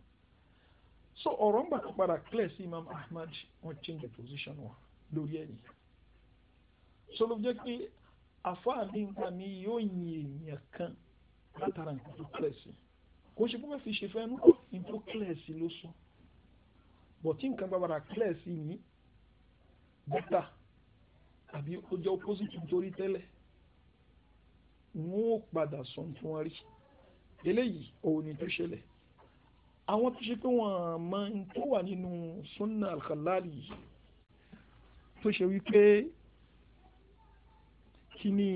so ọ̀rọ̀ ń gbà padà clear sí Imam Ahmad wọ́n change the position wọn lórí ẹ̀yìn so ló jẹ́ pé àfáà ní nǹkan mi yóò yin èèyàn kan látara nǹkan tó clear sí kò ṣe fún mẹ́fì ṣe fẹ́ nù ní tó clear sí ló sọ bọ̀ tí nǹkan bá padà clear sí ní bẹ́tà àbí ó jẹ́ opposite nítorí tẹ́lẹ̀ wọ́n ó padà sọ fún wọn rí eléyìí òun ni tó ṣẹlẹ̀ àwọn tó ṣe pé wọ́n mọ tó wà nínú sunna al-Khallali tó ṣe wípé kí ni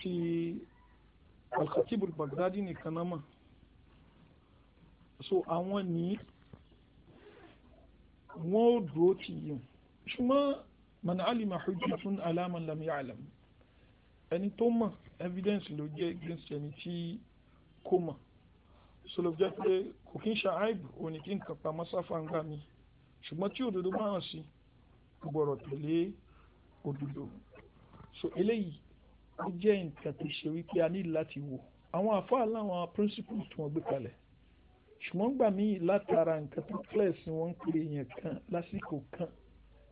ti al-Khatib al-Baghdadi nìkan náà mọ̀ so àwọn ní wọ́n ó dúró tì yìí ṣùgbọ́n man alima hujjatun ala man lam ya'lam ẹni tó mọ̀ evidence ló jẹ́ against ẹni tí kò mọ̀ sọlọ jẹ́ pé kò kí ń ṣàáìbù òní kí n kà pa mọ́sáfà ń ṣùgbọ́n tí òdodo máa sí gbọ́rọ̀ tẹ̀lé òdodo so eléyìí ó jẹ́ nǹkan tó ṣe wípé a ní láti wò àwọn àfáà láwọn principles tí wọ́n gbé kalẹ̀ ṣùgbọ́n gbà mí látara nǹkan tó clear sí wọn ń pè èèyàn kan lásìkò kan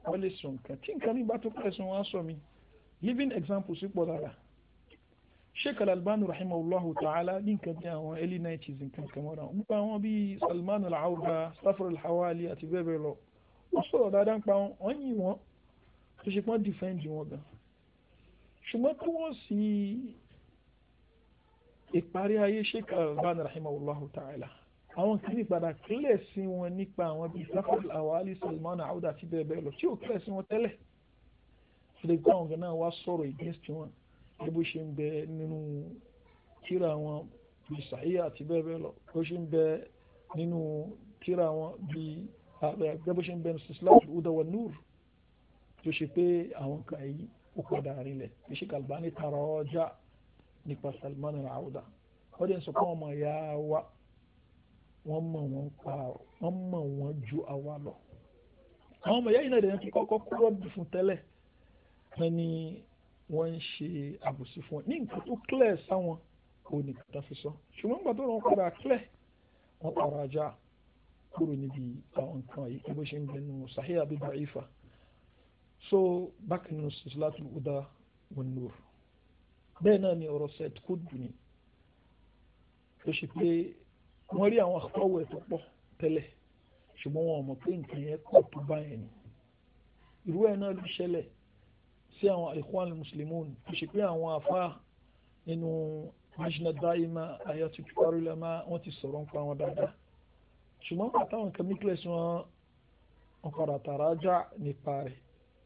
wọ́n lè sọ nǹkan tí nǹkan mi bá tó clear sí wọn á sọ mi living example sí pọ̀ lára sheikh al-albani rahimahullahu ta'ala ní nǹkan bí àwọn early nineties nǹkan kan mọ́ra wọn nípa àwọn bíi salman al-awba safar al-hawali àti bẹ́ẹ̀ bẹ́ẹ̀ lọ wọ́n sọ̀rọ̀ dáadáa nípa wọn wọ́n yìn wọ́n tó ṣe pọ́n defend wọn gan ṣùgbọ́n tó wọ́n sì ìparí ayé sheikh al-albani rahimahullahu ta'ala àwọn kan ní kílẹ̀ sí wọn nípa àwọn bíi safar al-hawali salman al-awba àti bẹ́ẹ̀ bẹ́ẹ̀ tí ò kílẹ̀ sí wọn tẹ́lẹ̀ ṣùgbọ́n àwọn gan náà wá sọ̀rọ̀ against wọn bó ṣe ń bẹ nínú kíra wọn bí sàyí àti bẹ́ẹ̀ bẹ́ẹ̀ lọ bó ṣe ń bẹ nínú kíra wọn bí gẹ́gẹ́ bó ṣe ń bẹ nínú sísíláàtì udawa nur tó ṣe pé àwọn kan yìí ó padà rinlẹ̀ bí ṣe kàlùbáni tààrà ọjà nípa Salman al-Auda wọ́n dẹ̀ sọ pé wọ́n mọ̀ ya wa wọ́n mọ̀ wọ́n pa wọ́n mọ̀ wọ́n ju àwa lọ. àwọn ọmọ ìyá yìí náà dẹ̀ ń kọ́kọ́ kúrò fún tẹ́lẹ̀ wọ́n wọ́n ń ṣe àbòsí fún wọn ní nǹkan tó clear sáwọn òní kàtà fi sọ ṣùgbọ́n nígbà tó rán padà clear wọ́n tọrọ ajá kúrò níbi àwọn nǹkan yìí bó ṣe ń bẹnu sahih abi da'ifa so bákan nínú silsilatul huda wan nur bẹ́ẹ̀ náà ni ọ̀rọ̀ Said Qutb tó ṣe pé wọ́n rí àwọn àpọ̀wọ̀ ẹ̀ tó pọ̀ tẹ́lẹ̀ ṣùgbọ́n wọn ò mọ̀ pé nǹkan yẹn pọ̀ tó báyẹn ni irú ẹ̀ náà ló ṣẹlẹ̀ sí àwọn Ikhwan al-Muslimun kò ṣe pé àwọn afá nínú Lajna Daima Hayatu Kubar Ulama wọ́n ti sọ̀rọ̀ ń pa wọn dáadáa ṣùgbọ́n àtàwọn chemicals wọn wọn padà tààràjà nípa rẹ̀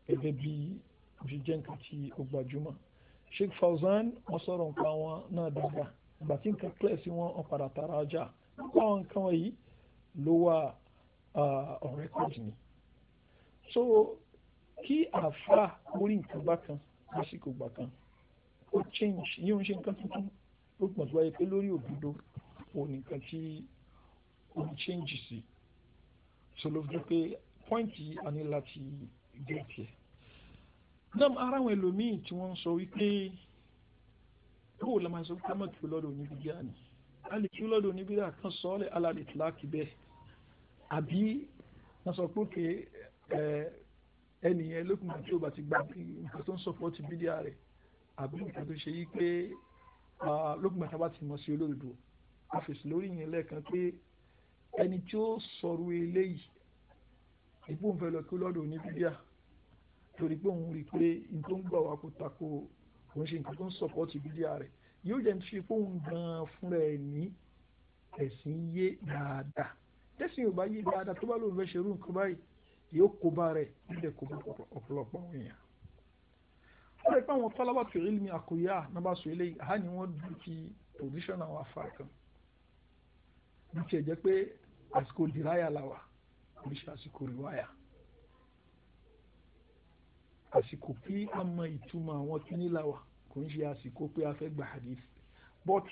gẹ́gẹ́ bí oṣù jẹ́ nǹkan Sheikh Fawzan wọ́n sọ̀rọ̀ nípa wọn náà dáadáa ìgbà tí nǹkan clear wọn wọn padà tààràjà nípa àwọn nǹkan wọ̀nyí ló wà on ni kí àáfàá orí nǹkan bá kan lásìkò gbà kan ó change yíò ń ṣe nǹkan tuntun ó gbọ̀n tó wáyé pé lórí òdodo òun nìkan tí ó ń change sí so ló fi pé pọ́ìntì a ní láti gbé tiẹ̀ náà ara àwọn ẹlòmíì tí wọ́n ń sọ wípé bóò la máa sọ pé mọ̀ kí ó lọ́dọ̀ oníbi díà ni a lè kí ó lọ́dọ̀ oníbi díà kan sọ ọ́ lẹ́ alàlè tìláàkì bẹ́ẹ̀ àbí wọ́n sọ pé ó ké ẹ̀ẹ́ ẹnìyẹn lókun àti òbá ti gba nǹkan tó ń sọpọ́tì bídíà rẹ̀ àbí nǹkan tó ṣe yí pé lókun àti àbá ti mọ̀ sí olódodo a fèsì lórí yẹn lẹ́ẹ̀kan pé ẹni tí ó sọ̀rọ̀ eléyìí ìbò ń fẹ́ lọ kí lọ́dọ̀ ní bídíà torí pé òun rí i pé n tó ń gbà wá kó tako òun ṣe nǹkan tó ń sọpọ́tì bídíà rẹ̀ yóò jẹ́ fi pé òun gan-an fúnra ní ẹ̀sìn yé dáadáa tẹ́sìn ò yé dáadáa tó bá lóun fẹ́ ṣerú nǹkan báyìí yóò kó bá rẹ̀ nílẹ̀ kó bá ọ̀pọ̀lọpọ̀ àwọn èèyàn. ó rẹ̀ pé àwọn tọ́lábà tó rí mi àkóyá nọ́bà sọ eléyìí àá ni wọ́n dùn kí position àwọn afá kan bí tiẹ̀ jẹ́ pé àsìkò dìráyà làwà kò ṣe àsìkò rìwáyà àsìkò kí a mọ ìtumọ̀ àwọn kíní làwà kò ń ṣe àsìkò pé a fẹ́ gba hadith but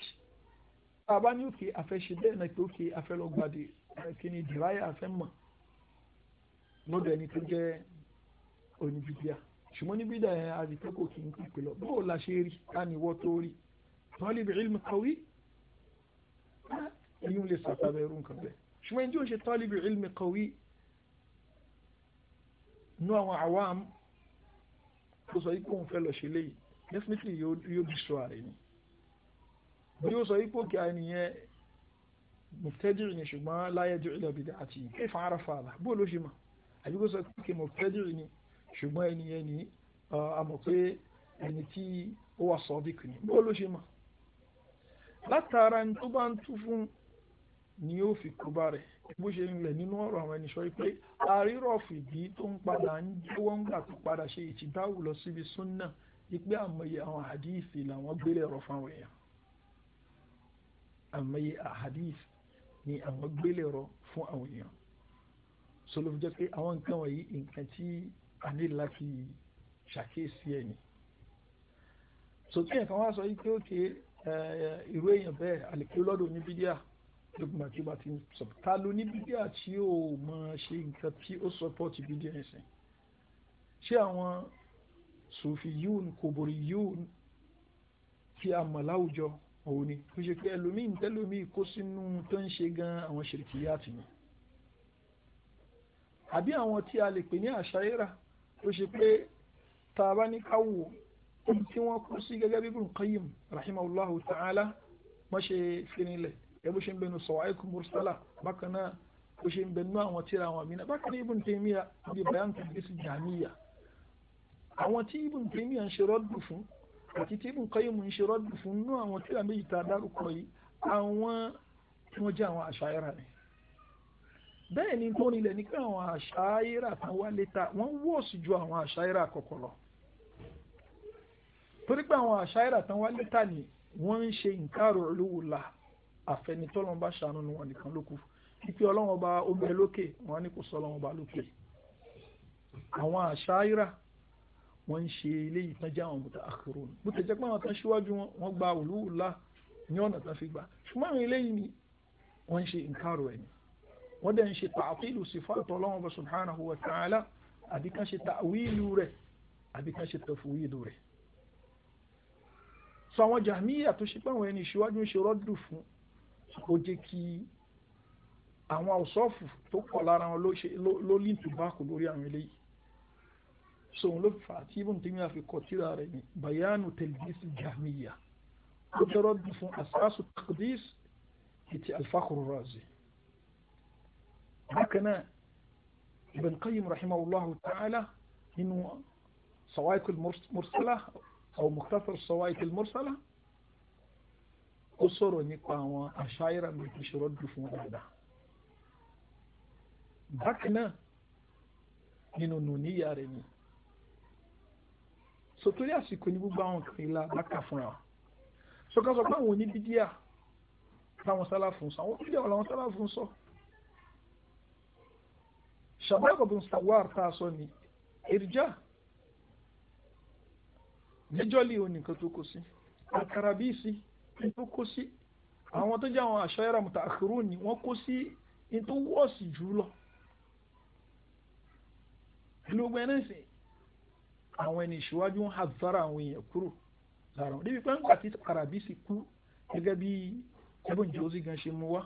tá a bá ní òkè afẹ́ ṣe bẹ́ẹ̀ náà pé òkè afẹ́ lọ gbàdé kíní dìráyà afẹ́ mọ̀ lọ́dọ̀ ẹni tó jẹ́ oníbíbíà ṣùgbọ́n níbí dà yẹn àdìpẹ́ kò kí n pèpè lọ bó o la ṣe rí ká ní wọ́ tó rí tọ́lìbì ilmi kọ̀wé ẹni ò lè sàtàbẹ̀ irú nǹkan bẹ́ẹ̀ ṣùgbọ́n ẹni tí ó ṣe tọ́lìbì ilmi kọ̀wé nú àwọn àwam tó sọ ipò òun fẹ́ lọ ṣe léyìí definitely yóò bí sọ ààrẹ ni bí ó sọ ipò kí a nìyẹn mùtẹ́dìrì ni ṣùgbọ́n láyé dìrì lọ́bìdà àti ìfẹ́ fún ara fàlà bó ló ṣe máa àbí kó sọ pé kí mo fẹ́ dìrì ni ṣùgbọ́n ẹni yẹn ni a mọ̀ pé ẹni tí ó wà sọ́díkù ni bó ló ṣe mọ̀ látara ẹni tó bá ń tú fún ni yóò fi kóbá rẹ̀ bó ṣe ń lẹ̀ nínú ọ̀rọ̀ àwọn ẹni sọ pé àrírọ̀ fìdí tó ń padà ń jẹ́wọ́ ń gbà tó padà ṣe ìtìdáwù lọ síbi súnà ipe àmọye àwọn àdíìsì làwọn gbélé ọ̀rọ̀ fáwọn èèyàn àmọye àhàdíìsì ni àwọn gbélé ọ̀rọ̀ fún àwọn èèyàn sọlọ fi jẹ́ pé àwọn nǹkan wọ̀nyí nǹkan tí a ní ṣàkíyèsí ẹ̀ ni sọtí ẹ̀kan wá sọ yìí pé òkè irú èèyàn bẹ́ẹ̀ àlèkè lọ́dọ̀ ní bídíà lókùnrin àti ìgbà tí ń sọ ta ló ní bídíà tí ó mọ ṣe nǹkan tí ó sọpọ́ọ̀tì bídíà ẹ̀sìn ṣé àwọn sùfìyún kòbòrìyún tí a mọ̀ láwùjọ òun ni kò ṣe pé ẹlòmíì ń tẹ́lòmíì kó sínú tó ń ṣe gan àwọn ṣèrìkìyà tì yẹn àbí àwọn tí a lè pè ní àṣàyẹ́rà ó ṣe pé tá a bá ní ká wò tí wọ́n kú sí gẹ́gẹ́ bí Ibn Qayyim rahimahullahu ta'ala wọ́n ṣe fìrìnlẹ̀ ẹ bó ṣe ń bẹnu Sawa'iqul Mursala bákan náà bó ṣe ń bẹnu àwọn tíra àwọn àmì náà bákan náà Ibn Taymiyyah bí bayan kìbísì jàmíyà àwọn tí Ibn Taymiyyah ń ṣe rọ́dù fún àti tí Ibn Qayyim ń ṣe rọ́dù fún nú àwọn tíra méjì tá dárúkọ yìí àwọn tí wọ́n jẹ́ àwọn àṣàyẹ́rà ni bẹ́ẹ̀ ni tó nílẹ̀ ní pé àwọn àṣàyíra kan wá létà wọ́n wọ́ọ̀sì ju àwọn àṣàyíra àkọ́kọ́ lọ torí pé àwọn àṣàyíra kan wá létà ni wọ́n ń ṣe ìkárò olúwùlà àfẹnitọ́lọ́mọba ṣàánú ni wọn nìkan lókù ipe ọlọ́wọ́n ba omi e lókè wọn ni kò sọ ọlọ́wọ́n ba lókè àwọn àṣàyíra wọ́n ń ṣe eléyìí tán jẹ́ àwọn mutaakhirun bó ní wọ́n dẹ̀ ń ṣe tààtìlù sífàtì Ọlọ́run bá subhanahu wa ta'ala àbí kan ṣe tàwílù rẹ̀ àbí kan ṣe tẹ̀fúwìlù rẹ̀ sọ àwọn jàmíyà tó ṣe pàwọn ẹni ìṣíwájú ń ṣe rọ́dù fún ó jẹ́ kí àwọn àwòsọ́ọ̀fù tó pọ̀ lára wọn ló lì tùbákù lórí àwọn eléyìí so òun ló fà á tí ibùn tèmi àfi kọ tíra rẹ̀ ní bayanu tẹlifísì jàmíyà ó jẹ́ rọ́dù fún asásù takdís àti alfakuru bákan náà Ibn Qayyim rahimahullahu ta'ala nínú sawaik al-mursala aw mukhtasar sawaik al-mursala ó sọ̀rọ̀ nípa àwọn àṣàyíra mi tó ṣe rọ́dù fún dáadáa bákan náà nínú nùníyà rẹ̀ ni sòtórí àsìkò ní gbogbo àwọn kan ilá bákà fúnra wa sọkàsọ pé àwọn oníbídíà táwọn sálà fún sọ àwọn oníbídíà wọn làwọn sálà fún sọ. So, shabaabu bin sawaar taasoo ni irja níjọ́lì ò nìkan tó kó sí àkàràbíìsì tó kó sí àwọn tó jẹ́ àwọn àṣàyàrá mùtàkìrú ni wọ́n kó sí ní tó wọ́ọ̀sì jù lọ gbogbo ẹni sìn àwọn ẹni ìṣíwájú ń hazara àwọn èèyàn kúrò lára wọn débi pé ń gbà tí àkàràbíìsì kú gẹ́gẹ́ bí ẹbùn jọ́sí gan ṣe mú wá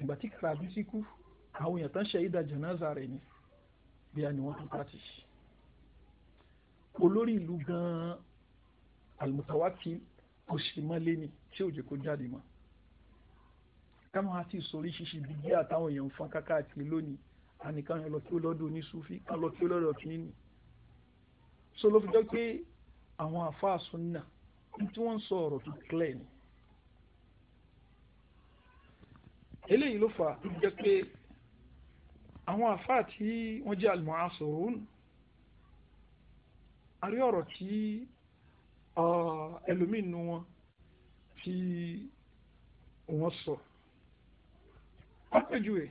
ìgbà tí àkàràbíìsì kú àwọn èèyàn tán ṣẹ̀yídà jẹ̀náza rẹ̀ ni bí a ní wọ́n tún pàtì olórí ìlú gan-an almutawakil kò sì mọ́ léni tí òjò kò jáde mọ́ káwọn àti ìsorí ṣíṣe bíbí àtàwọn èèyàn ń fọn káká àti lónìí àníkàn lọ kí ó lọ́dọ̀ oníṣúfí kán lọ kí ó lọ́dọ̀ kìíní so ló fi jẹ́ pé àwọn àfáà súnà tí wọ́n ń sọ ọ̀rọ̀ tó clear ni eléyìí ló fà á jẹ́ pé àwọn àfáà tí wọ́n jẹ́ al-mu'asirun a rí ọ̀rọ̀ tí ẹlòmíín nu wọn tí wọ́n sọ pàpẹ́jùwe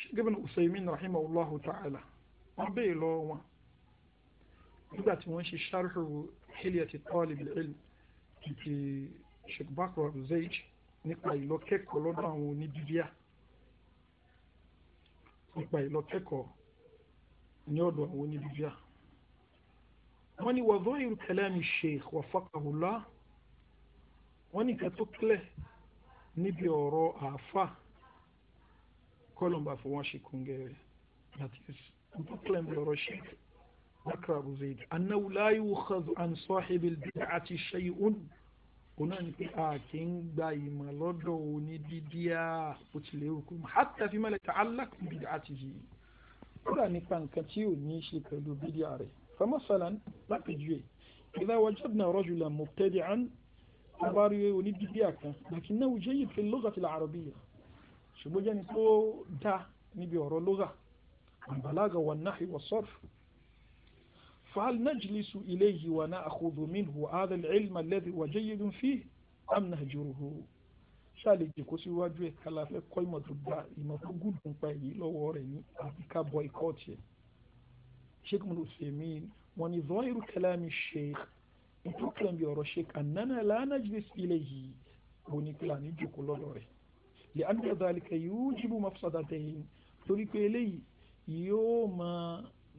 Sheikh Ibn Usaymin rahimahullahu ta'ala wọ́n béèrè lọ́wọ́ wọn nígbà tí wọ́n ṣe sharhu hilyati talib al-ilm títí Sheikh Bakr Zaid nípa ìlọ́kẹ́kọ̀ọ́ lọ́dọ̀ àwọn oníbíbíà. nípa ìlọ kẹ́kọ̀ọ́ ní ọ̀dọ̀ àwọn oníbíbíà wọ́n ní wọ́n zọ́ọ̀rù kalami sheikh wafakahullah wọ́n ní kẹ́tọ́ kílẹ̀ níbi ọ̀rọ̀ àáfà kọ́lọ̀mbà fún wọn ṣe kúngẹ́rẹ́ that is kẹ́tọ́ kílẹ̀ níbi ọ̀rọ̀ sheikh bakr abu zayd annahu la yukhadhu an sahibil bid'ati shay'un. òun náà ni pé a kì í gba ìmọ̀ lọ́dọ̀ òní dídíà bó tilẹ̀ òkú hatta fi mẹ́lẹ̀ ta alákùnrin àti yìí kúrò nípa nǹkan tí ò ní í ṣe pẹ̀lú bídíà rẹ̀ famasalan lápèjúwe idha wajadna rajulan mubtadi'an abárí òní dídíà kan lakinnahu jayyid fi al-lughati al-arabiyya ṣùgbọ́n jẹ́ni tó dá níbi ọ̀rọ̀ lọ́gà al-balagha wan-nahyi was فهل نجلس إليه ونأخذ منه هذا العلم الذي هو جيد فيه أم نهجره ṣáàlè jòkó síwájú ẹ̀ kálá fẹ́ kọ́ ìmọ̀ tó dá ìmọ̀ tó gùdù ń pa èyí lọ́wọ́ rẹ̀ ní àfikà boycott yẹ. sheikh mudu sèmi wọn ni zọ́ọ̀rù kalami sheikh ìtúkìlẹ̀ bí ọ̀rọ̀ sheikh ànánà lánàjìlẹ̀ sílẹ̀ yìí òun ni pílà ní jòkó lọ́dọ̀ rẹ̀. lè andré zalika yóò jìbù mafsadatayin torí pé eléyìí yóò máa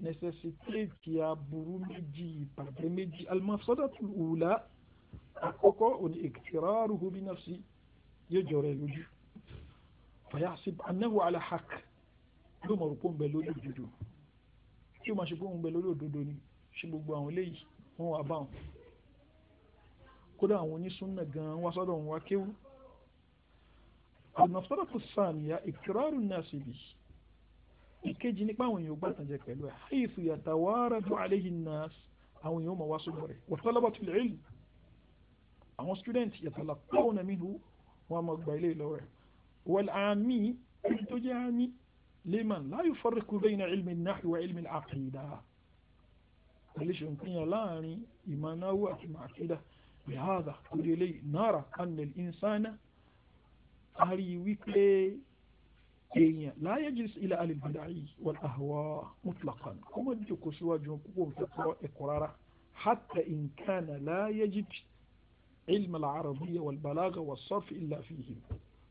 necessitate aburú méjì ìpàdé méjì al-mafsadatul ula àkọ́kọ́ òní iktiraruhu bi nafsi yóò jọrọ ẹ lójú fayasib annahu ala haq yóò mọ̀ rúpọ̀ nbẹ lórí òdodo tí o máa ṣe fóun nbẹ lórí òdodo ni ṣe gbogbo àwọn eléyìí wọn wà báwọn kódà àwọn onísúnnà gan-an wá wọn wá kéwú al-mafsadatu iktiraru an ìkejì nípa àwọn èèyàn gbàtàn jẹ pẹ̀lú ẹ̀ haythu yatawaradu alayhi nnas àwọn èèyàn máa wá sóbò rẹ̀ wa talabatul ilm àwọn student yatalaqawna minhu wọn máa gba ilé ìlọ́wọ́ rẹ̀ wal aami ẹni tó jẹ́ aami liman la yufarriqu bayna ilmi nahwi wa ilmi al-aqida relation pinya láàrin ìmọ̀náwó àti màkídà bihadha kúrẹ́lẹ́ náírà anil insana a wípé كينيا لا يجلس إلى أهل البدع والأهواء مطلقا هم جوكو سوا جوكو تقوى إقرارة حتى إن كان لا يجد علم العربية والبلاغة والصرف إلا فيهم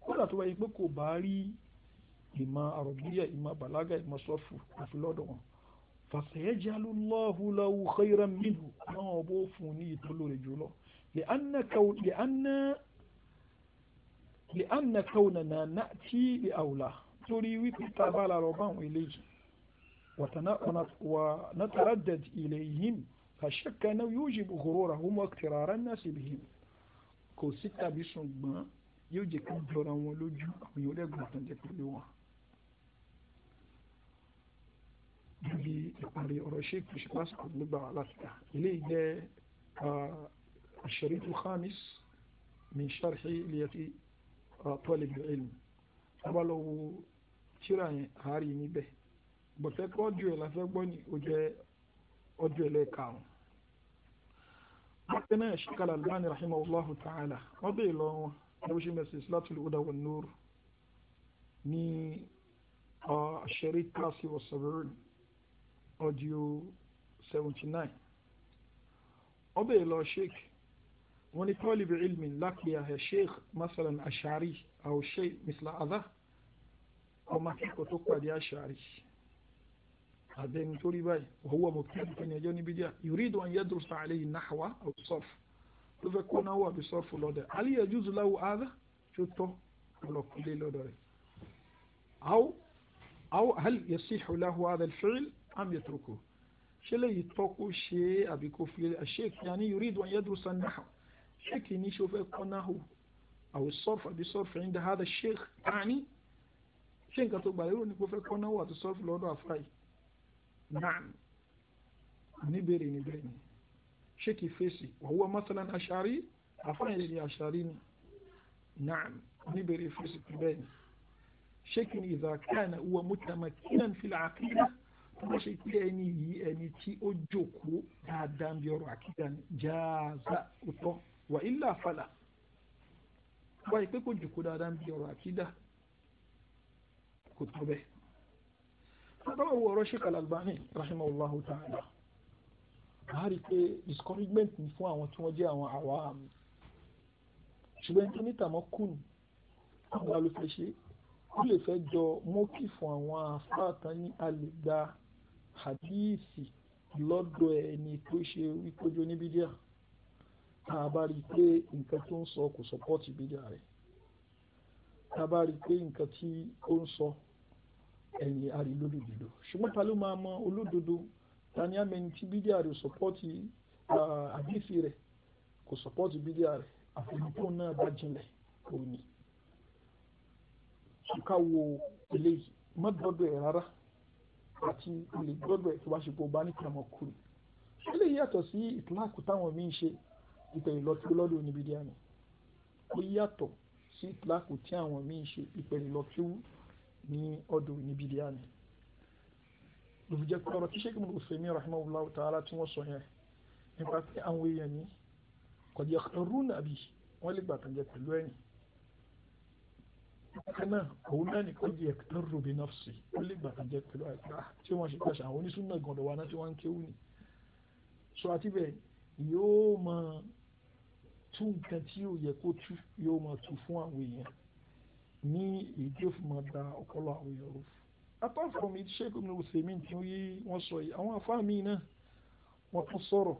ولا توايبكو باري إما عربية إما بلاغة إما صرف في لدن. فسيجعل الله له خيرا منه ما بوفوني تلو رجوله لأن كون لأن لأن كوننا نأتي لأولاه nítorí wípé tábà làrọ̀ bá àwọn eléyìí ونتردد إليهم فالشك أنه يوجب غرورهم واقترار الناس بهم kò sí tàbí ṣùgbọ́n yóò jẹ́ kí jọra wọn lójú àwọn yóò lẹ́gbọ̀n tó ń jẹ́ pẹ̀lú wọn. níbi ìparí ọ̀rọ̀ sheikh ṣùpásìkò nígbà aláta ilé ìgbẹ́ àṣẹrítu khamis min sharhi ilé ẹtì tọ́lẹ̀ bí ilmi. tábàlọ́wọ́ tíra yẹn a rí níbẹ̀ bọ̀tẹ́ kọ́ ọdún ẹ̀ láfẹ́ gbọ́ ni ó jẹ́ ọdún ẹ̀ lẹ́ẹ̀karùn-ún. bákan náà Sheikh Al-Albani rahimahullahu ta'ala wọ́n bèè lọ wọn ẹbí ṣe mẹ́sì islatul huda wan nur ní ṣẹ̀rí kíláàsì wọ̀sọ̀rọ̀ ọdíò 79 wọ́n bèè lọ sheik wọ́n ní tọ́lìbì ilmin lápìyà sheik masalan ashari aw shay misla adha ọmọ akẹ́kọ̀ọ́ tó pàdé àṣàrí àbẹni tó rí báyìí wà húwà mọ̀kẹ́lì fún ẹjọ́ níbi díà yuridu an yadrusa alayhi nahwa aw sarf ló fẹ́ kó náwó àbí sọ́ọ̀fù lọ́dẹ̀ hal yajuzu lahu hadha tó tọ́ ọlọ́kùnlé lọ́dọ̀ rẹ̀ aw aw hal yasihu lahu hadha al-fi'l am yatruku ṣé lèyí tọ́ kó ṣe é àbí kó fi sheikh yani yuridu an yadrusa an-nahwa sheikh ní ṣe ó fẹ́ kọ́ náwó aw sarf àbí sọ́ọ̀fù inda hadha sheikh yani ṣé nǹkan tó gbàlérò ní kó fẹ́ kọ́ náwó àti sọ́ọ̀fù lọ́dọ̀ àfáà yìí náà oníbèrè níbẹ̀rẹ̀ ni ṣé kìí fèsì wàhùwà masalan àṣàrí àfáà yìí ni àṣàrí ni náà oníbèrè fèsì bẹ́ẹ̀ ni ṣé kìí idha kana huwa mutamakkinan fil aqida tó bá ṣe pé ẹni yìí ẹni tí ó jókòó dáadáa bí ọ̀rọ̀ àkídà ni jáàzá òtọ́ wà ilà fàlà wáyé pé kò jókòó dáadáa bí ọ̀rọ̀ àkídà kò tó bẹ́ẹ̀. Tọ́lá wo ọ̀rọ̀ Sheikh Al-Albani rahimahullahu ta'ala. Màá rí i pé discouragement ni fún àwọn tí wọ́n jẹ́ àwọn àwa àmì. Ṣùgbọ́n tó ní tàmọ́ kùn àwọn alùpùpù ṣe ó lè fẹ́ jọ mọ́kì fún àwọn afáàtàn ní àlègbà hadithi lọ́dọ̀ ẹni tó ṣe wípójú ní bídíà tá a bá rí i pé nǹkan tó ń sọ kò sọpọ́ọ̀tì bídíà rẹ̀ tá a bá rí i pé nǹkan tí ó ń sọ ẹ̀yìn àrí lódodo ṣùgbọ́n ta ló máa mọ olódodo ta ni àmì ẹni tí bídíà rẹ̀ sọ́pọ́tì àdífì rẹ̀ kò sọ́pọ́tì bídíà rẹ̀ àfẹnukó náà bá jinlẹ̀ òní. ṣùkà wo eléyìí má dọ́dọ̀ ẹ̀ rárá àti olè dọ́dọ̀ ẹ̀ tó bá ṣe pé bá ní kàmọ́ kúrò. eléyìí yàtọ̀ sí ìtìláàkù táwọn míín ṣe ìtẹ̀yìn lọ tó lọ́dọ̀ oníbídíà ni ó yàtọ̀ sí ìtìláàkù tí àwọn míín ṣe ìtẹ̀yìn lọ tó Ni ọdún ni ló fi jẹ́ pé ọ̀rọ̀ tí Sheikh Ibn Uthaymeen rahimahullah ta'ala tí wọ́n sọ yẹn nípa pé àwọn èèyàn ní qad yakhruna bi wọ́n lè gbàtàn jẹ pẹ̀lú ẹ̀yìn kana òun náà ni qad yaktaru bi nafsi wọ́n lè gbàtàn jẹ pẹ̀lú àìpá ah, tí wọ́n ṣe pàṣẹ àwọn onísúnà gọ̀dọ̀ wa náà tí wọ́n ń kéwù ni so àti bẹ́ẹ̀ yóò máa tún nǹkan tí yóò yẹ kó tú yóò máa tú fún àwọn èèyàn ní ìdí òfin máa da ọpọlọ àwọn èèyàn rò apart from it sheikh ibn usaimin tí wọ́n sọ yìí àwọn afáàmì náà wọ́n tún sọ̀rọ̀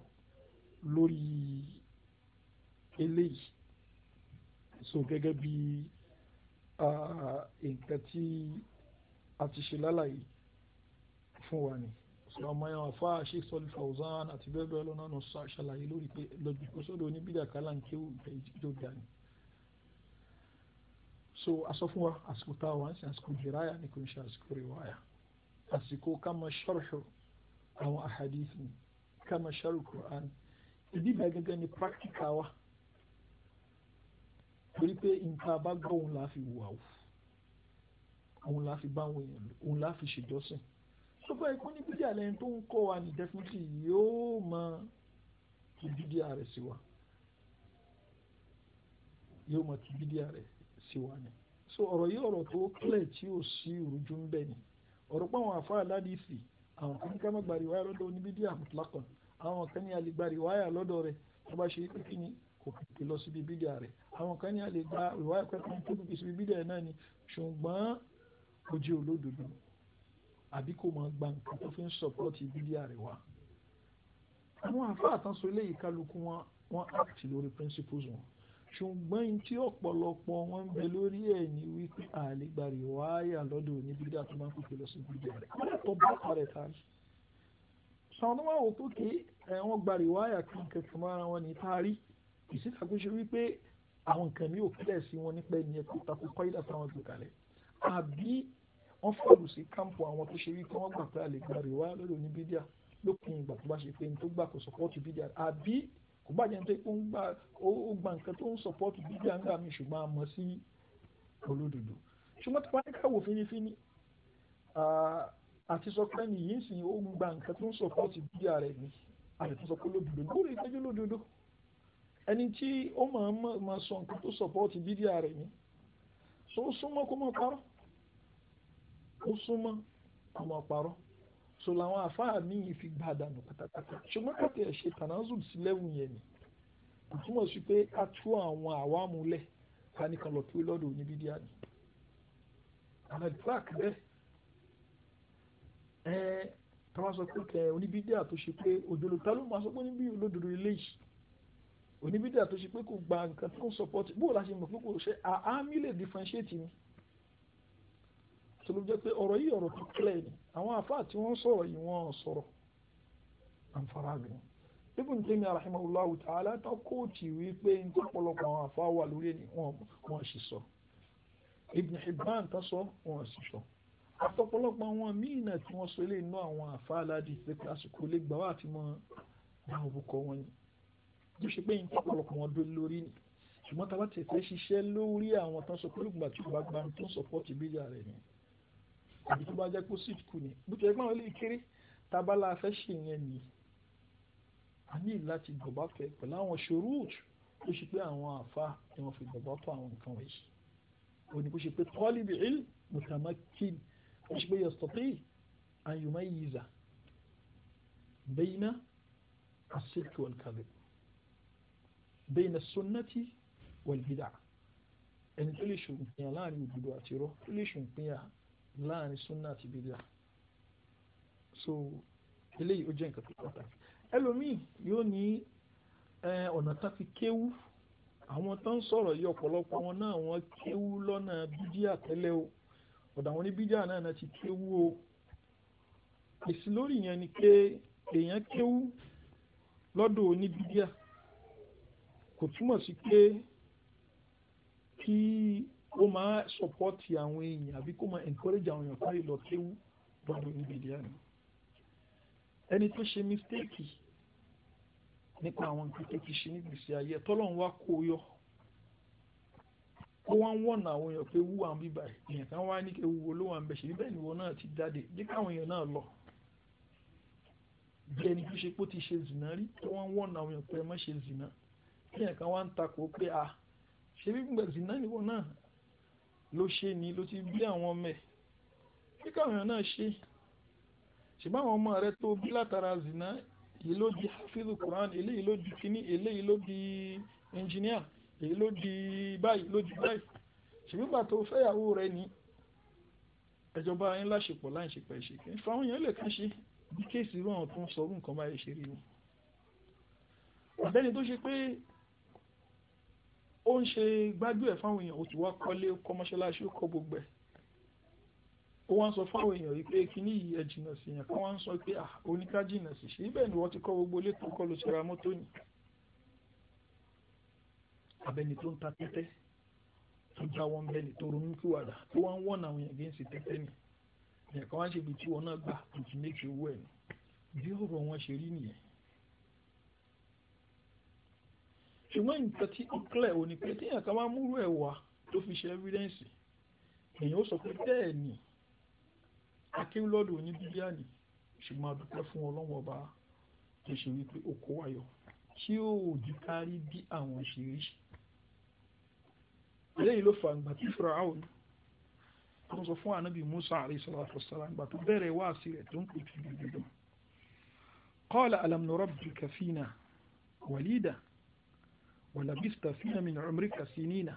lórí eléyìí so gẹ́gẹ́ bí nǹkan tí a ti ṣe lálàyé fún wa ni ọmọ yẹn wà fáà sheikh sọlí fawzan àti bẹ́ẹ̀ bẹ́ẹ̀ lọ́nà ṣàlàyé lórí pé lọ́jọ́ sọ́dọ̀ oníbídà kálá ń kéwù ìjọba ni so aṣọ fún wa àsìkò tá a wà ń sin àsìkò hìráyà ni kò ń ṣe àsìkò rìwáyà àsìkò ká máa ṣọ́rọ̀ṣọ àwọn àhàdìsì ni ká máa ṣọ́rọ̀ Quran ìdí ìgbà gẹ́gẹ́ ni pàkìkà wa torí pé nǹkan bá gbọ́ òun là á fi wà ó òun là fi bá àwọn èèyàn lò òun là fi ṣèjọ́sìn tó bá ikú ní bídíà lẹ́yìn tó ń kọ́ wa ní definitely yóò máa ti bídíà rẹ̀ sí wa yóò máa ti bídíà rẹ̀ sí wa sí wa ni so ọ̀rọ̀ yìí ọ̀rọ̀ tó clear tí ò sí ìrújú ń bẹ ni ọ̀rọ̀ pé àwọn àfa aládìsí àwọn kan ká má gbàrí wáyà lọ́dọ̀ oníbídí àmútlákàn àwọn kan ní alẹ́ wáyà lọ́dọ̀ rẹ̀ tó bá ṣe pé kí ni kò pèpè lọ síbi bídíà rẹ̀ àwọn kan ní alẹ́ gba ìwáyà pẹ́pẹ́ tó pèpè síbi bídíà náà ni ṣùgbọ́n kò jẹ́ olódodo àbí kò máa gba nǹkan tó fi ń sọpọ́ọ̀tì bídíà rẹ̀ wá àwọn àfa àtànṣe eléyìí kálukú wọn wọn act lórí principles wọn ṣùgbọ́n tí ọ̀pọ̀lọpọ̀ wọn bẹ lórí ẹ̀ ní wípé àlégbàrí wáyà lọ́dọ̀ oníbídà tó máa ń pèpè lọ sí bídà rẹ̀ kọ́lẹ́tọ̀ bá parẹ̀ ta ni. sàwọn tó máa wò pé kí wọ́n gbàrí wáyà kan kẹ̀kẹ́ mára wọn ní taari ìsìta kó ṣe wípé àwọn nǹkan mi ò kílẹ̀ sí wọn nípa ẹni ẹ̀kọ́ tako kọ́ídà táwọn gbé kalẹ̀ àbí wọ́n fọ̀rù sí kámpù àwọn tó ṣe wípé wọ́n gbà pé àlégbàrí wáyà lọ́dọ̀ oníbídà lópin ìgbà tó bá ṣe pé ní tó gbà kó sọ̀pọ̀ kò bá jẹ́ pé ó gba nǹkan tó ń sọ̀pọ́tù bíbí àǹgá mi ṣùgbọ́n a mọ̀ sí olódodo ṣùgbọ́n tó bá ní káwò fínífíní àti sọ pé nìyí sì ó ń gba nǹkan tó ń sọ̀pọ́tù bíbí rẹ̀ ni àti tó sọ pé olódodo ní orí ìtẹ́jú olódodo ẹni tí ó máa sọ nǹkan tó sọ̀pọ́tù bíbí rẹ̀ ni ó súnmọ́ kó mọ̀ parọ́ ó súnmọ́ kó mọ̀ parọ́ so làwọn àfáà míì fi gbà dànù pátápátá ṣùgbọ́n kàtẹ́ ẹ̀ ṣe tanazul sí lẹ́wùn yẹn ni kò túmọ̀ sí pé a tú àwọn àwámúlẹ̀ ká ní kan pé lọ́dọ̀ oníbí díà ni anadirak bẹ́ẹ̀ ẹ táwọn sọ pé kẹ oníbí díà tó ṣe pé òdòdó ta ló máa sọ pé níbí olódodo ilé yìí oníbí díà tó ṣe pé kò gba nǹkan tó ń support bóòlù àṣemọ̀ pé kò ṣe àámì lè differentiate mi sọ ló jẹ́ pé ọ̀rọ̀ yìí ọ̀rọ̀ tó kílẹ̀ ni àwọn àfáà tí wọ́n sọ̀rọ̀ yìí wọ́n sọ̀rọ̀ àǹfààní Ibn Taymiyyah rahimahullahu ta'ala tán kóòtù wípé ní ọ̀pọ̀lọpọ̀ àwọn àfáà wà lórí ẹni wọ́n sì sọ Ibn Hibban tán sọ wọ́n sì sọ àtọ̀pọ̀lọpọ̀ àwọn míì náà tí wọ́n sọ ilé inú àwọn àfáà aládìí ṣe pé àsìkò lè gbà wá àti mọ́ àwọn òbúkọ wọn ni bó ṣe pé ní ọ̀pọ̀lọpọ̀ wọn dó lórí ni ṣùgbọ́n tá a bá tẹ̀sẹ̀ ṣiṣẹ́ lórí àwọn tán sọ pé lùgbà tó ń sọpọ́ọ̀tì bíjà rẹ̀ nìyẹn àbí tó bá jẹ́ pé sweet kù ni bó ti ẹgbẹ́ àwọn ilé kéré tábàlà afẹ́ ṣe yẹn ni a ní láti gbọ̀bá fẹ́ pẹ̀lú àwọn ṣòrúùtù tó ṣe pé àwọn àfa ni wọ́n fi gbọ̀bá tó àwọn nǹkan wọ̀nyí òní kó ṣe pé tọ́lìbì il mutamakin ó ṣe pé yastati an yumayyiza bayna as-sidq wal-kadhib bayna as ẹni tó lè ṣòwò pinya láàrin òdodo àti irọ́ tó lè ṣòwò pinya láàrin súnà àti bídíà so eléyìí ó jẹ́ nǹkan tó pàtàkì ẹlòmíì yóò ní ọ̀nà tá fi kéwú àwọn tó ń sọ̀rọ̀ yìí ọ̀pọ̀lọpọ̀ wọn náà wọ́n kéwú lọ́nà bídíà tẹ́lẹ̀ o ọ̀dọ̀ àwọn oníbídíà náà náà ti kéwú o èsì lórí yẹn ni pé èèyàn kéwú lọ́dọ̀ oníbídíà kò túmọ̀ sí pé kí kó máa sọpọ́tì àwọn èèyàn àbí kó máa encourage àwọn èèyàn káyọ̀ lọ kéwú lọ́dọ̀ níbi ìdí àná ẹni tó ṣe mistake nípa àwọn nǹkan tó ti ṣe nígbèsè ayé tọ́lọ́run wá kó yọ kó wá ń wọ̀nà àwọn èèyàn pé wúwa ń bíbà èèyàn kan wá ní ewu wo ló wà ń bẹ̀ ṣe níbẹ̀ ìwọ náà ti jáde jẹ́ káwọn èèyàn náà lọ bí ẹni tó ṣe pé ó ti ṣe zìnà rí tó wá wọ̀nà àwọn èèyàn pé ẹ má ṣe zìnà èèyàn kan wá ń takò pé a ṣe bí gbẹ̀ zìnà níwọ náà ló ṣe ni ló ti bí àwọn ọmọ ẹ̀ bí káwọn èèyàn náà ṣe ṣùgbọ́n àwọn ọmọ rẹ tó bí látara zina èyí ló di hafizu quran eléyìí ló di kíní eléyìí ló di engineer èyí ló di báyìí ló di báyìí ṣùgbọ́n ìgbà tó fẹ́yàwó rẹ ni ẹjọba ayé láṣepọ̀ láì ṣe pẹ̀ ṣe kí fáwọn èèyàn lè kàn ṣe bí kéèsì irú àwọn tó ń sọ irú nǹkan báyìí ṣe rí ni àbẹ́ni tó ṣe pé ó ń ṣe gbájú ẹ̀ fáwọn èèyàn ó ti wá kọ́lé kọ́ ó kọ́ gbogbo ẹ̀ ó wá ń sọ fáwọn èèyàn yìí kíní yìí ẹ jìnnà sí yẹn káwọn ń sọ pé à ah, oníká sí ṣe ibẹ̀ ni wọ́n ti kọ́ gbogbo létò kọ́ ló ṣera mọ́tò ni abẹni tó ń ta tẹ́tẹ́ tó já wọn bẹ́ẹ̀lì tó ronú kíwàdà tó wá ń wọ̀nà àwọn èèyàn gẹ́ǹsì tẹ́tẹ́ ni ẹ̀ka wá ń ṣe ibi tí wọn náà gbà tó ṣùgbọ́n nǹkan tí ó clear ò ní pé téèyàn kan máa múrú ẹ̀ tó fi ṣe evidence èèyàn ó sọ pé bẹ́ẹ̀ ni akéwìlọ́dọ̀ oníbíbíàní ṣùgbọ́n a dúpẹ́ fún ọlọ́wọ́n ọba tó ṣe wípé ó wáyọ̀ tí ó jí kárí bí àwọn ṣe eléyìí ló fa ìgbà tí Fáráò tó sọ fún ànábì Musa alayhi salatu wassalam ìgbà tó bẹ̀rẹ̀ wá sí rẹ̀ tó ń pè fún gbogbo qala alam nurabbika walida wàlàbísítà fínà mi nàrọ̀ mẹ́ríkà sí nínà